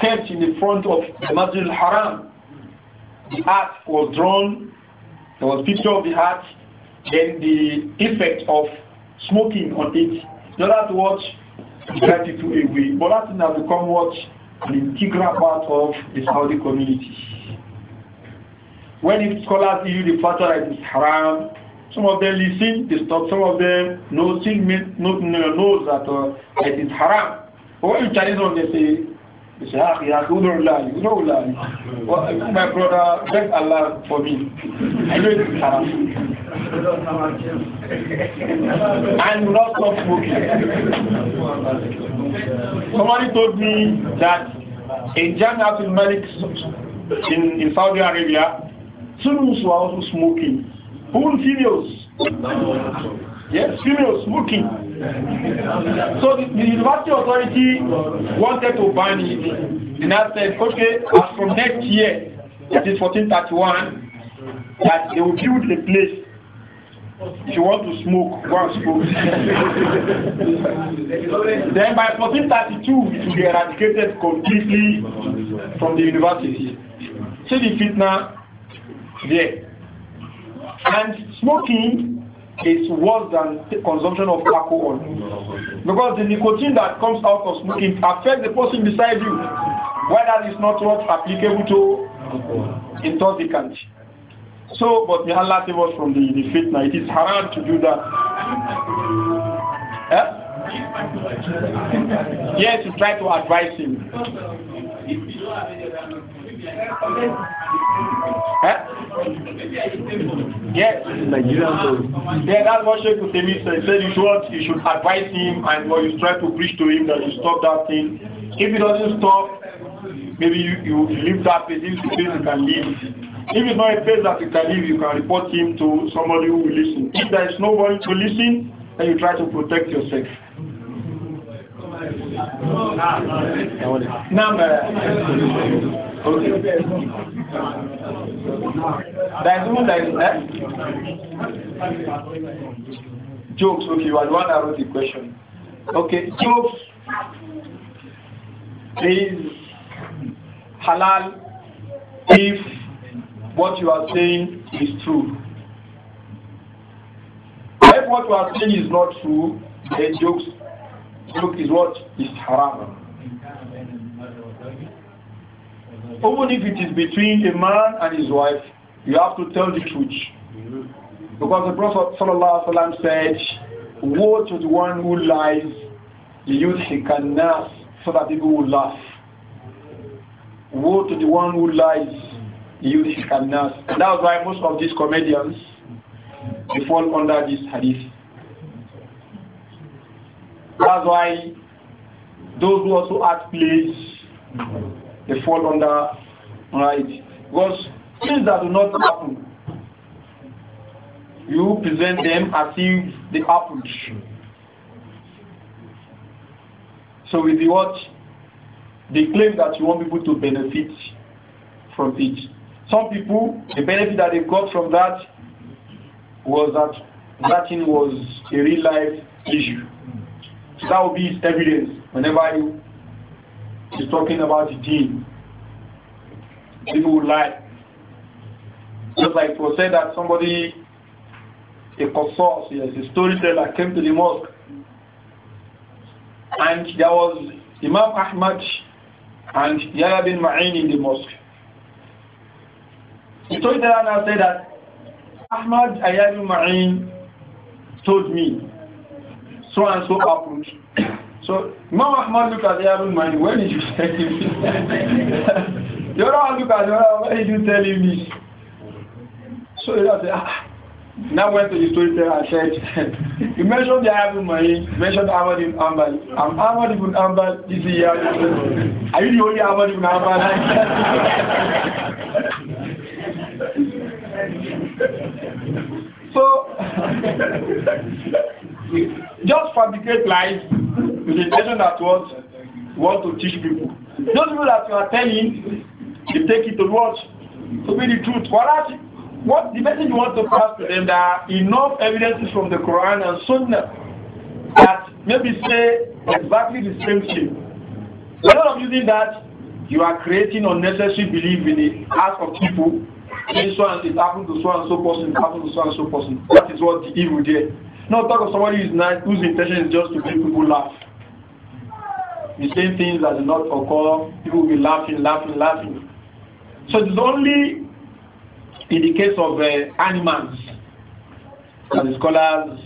kept in the front of the Masjid al-Haram, the art was drawn, there was picture of the art, then the effect of smoking on it, The order to watch gratitude away. But that thing has become what an integral part of the Saudi community. When the scholars issue the fatwa that is haram, some of them listen, they stop. Some of them no sin, no, no, knows that uh, it is haram. But when you challenge them, they say, they say, ah, yeah, you don't lie, you don't lie. Well, my brother, beg Allah for me. I know it is haram. am not stop smoking. Somebody told me that in Jannat in malik in, in Saudi Arabia, Sunnis were also smoking. Full females. Yes, females smoking. So the, the university authority wanted to ban it. And I said, okay, as from next year, that is 1431, that they will build a place if you want to smoke, go and smoke. then by 1432, it will be eradicated completely from the university. See the fitna there. And smoking is worse than consumption of alcohol. Because the nicotine that comes out of smoking affects the person beside you, whether it's not what applicable to intoxicant. So, but may Allah save us from the, the fitna. It is haram to do that. Eh? Yes, to try to advise him. Huh? Yes. Nigerian Yeah, that's what Sheikh Utemi said. He said you should, you should advise him and what you try to preach to him that you stop that thing. If he doesn't stop, maybe you, you leave that place. If it's a place you can leave. If it's not a place that you can leave, you can report him to somebody who will listen. If there is nobody to listen, then you try to protect yourself. Number. Okay. There is even there is eh? jokes. Okay, you are the one that wrote the question. Okay, jokes is halal if what you are saying is true. If what you are saying is not true, then jokes joke is what is haram. Even if it is between a man and his wife, you have to tell the truth. Because the Prophet said, Woe to the one who lies, he nas, so that people will laugh. Woe to the one who lies, he nas. And that's why most of these comedians, they fall under this hadith. That's why those who also act plays, they fall under right. Because things that do not happen, you present them as if they happened. So with the what? They claim that you want people to benefit from it. Some people, the benefit that they got from that was that that thing was a real life issue. So that would be evidence whenever you He's talking about the deen. People will lie. Just like it was said that somebody, a consort, yes, a storyteller came to the mosque. And there was Imam Ahmad and Yahya bin Ma'in in the mosque. The storyteller said that Ahmad Yahya bin Ma'in told me so and so happened. So Imam Ahmad look at the Arab man, when did you tell him this? the other look at the other, when did you tell him this? So he said, ah. Now went to the storyteller and said, you mentioned the Arab man, you mentioned Ahmad ibn Ambal. I'm Ahmad ibn Ambal, this is Yahweh. Are you the only Ahmad ibn Ambal? so, just fabricate lies with the intention that what you want to teach people. Those people that you are telling, you take it to watch To be the truth. What, what the message you want to pass to them, there are enough evidences from the Quran and Sunnah that maybe say exactly the same thing. Instead of using that, you are creating unnecessary belief in the hearts of people. This one is happened to so and so person, it happened to so and so person. That is what the evil did. Now talk of somebody who is nice, whose intention is just to make people laugh. The same things that do not occur. People will be laughing, laughing, laughing. So it's only in the case of uh, animals that the scholars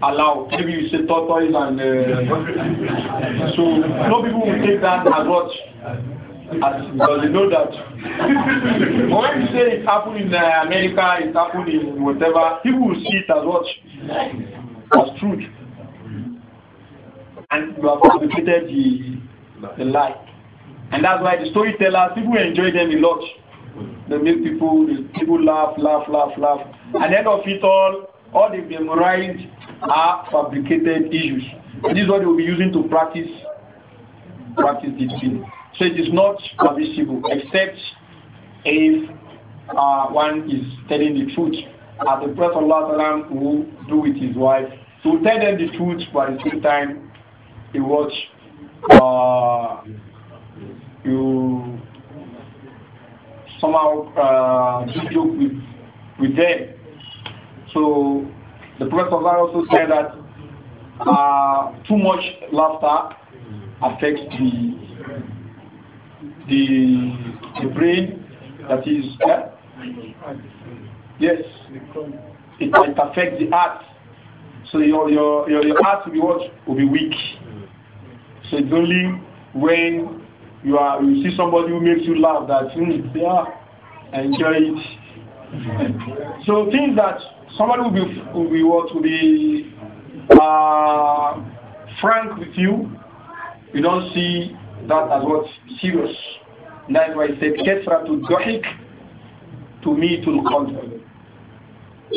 allow. Maybe you say tortoise and uh, so no people will take that as what as because they know that. when you say it happened in uh, America, it happened in whatever, people will see it as what as truth and you have fabricated the, the lie. And that's why the storytellers, people enjoy them a lot. They make people, the people laugh, laugh, laugh, laugh. And end of it all, all the memorized are fabricated issues. And this is what they will be using to practice practice this thing. So it is not permissible except if uh, one is telling the truth. As the Prophet Allah will do with his wife, to tell them the truth, but at the same time you watch, uh, you somehow uh, do joke with, with them. So the Prophet of also said that uh, too much laughter affects the the, the brain that is uh, yes it might affect the heart so your your your, your heart will be what will be weak it's only when you are you see somebody who makes you laugh that you hmm, need yeah, enjoy it. so things that somebody will be will be what will be uh, frank with you, you don't see that as what serious. That's why I said Ketra to Dohik to me to contrary.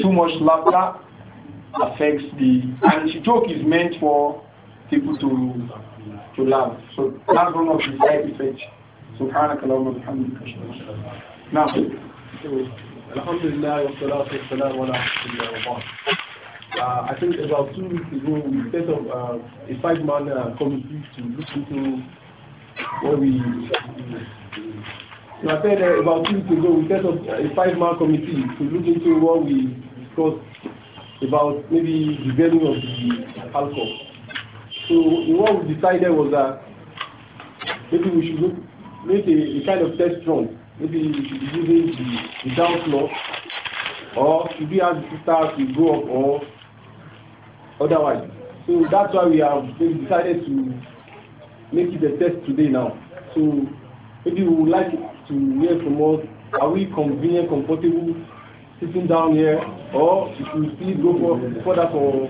Too much laughter affects the and joke is meant for people to to love. So that's one of the side effects. سبحانك اللهم وبحمدك نعم الحمد لله والصلاة والسلام على رسول الله uh, I think about two weeks ago we set up uh, a five-man uh, committee to look into what we. So I said uh, about two weeks ago we set up a five-man committee to look into what we discussed about maybe the value of the alcohol. So what we decided was that maybe we should make a, a kind of test run. Maybe we should be using the, the down floor, or should we have the stars to go up, or otherwise. So that's why we have decided to make it a test today now. So maybe we would like to hear from us. Are we convenient, comfortable sitting down here, or should we please go for further or?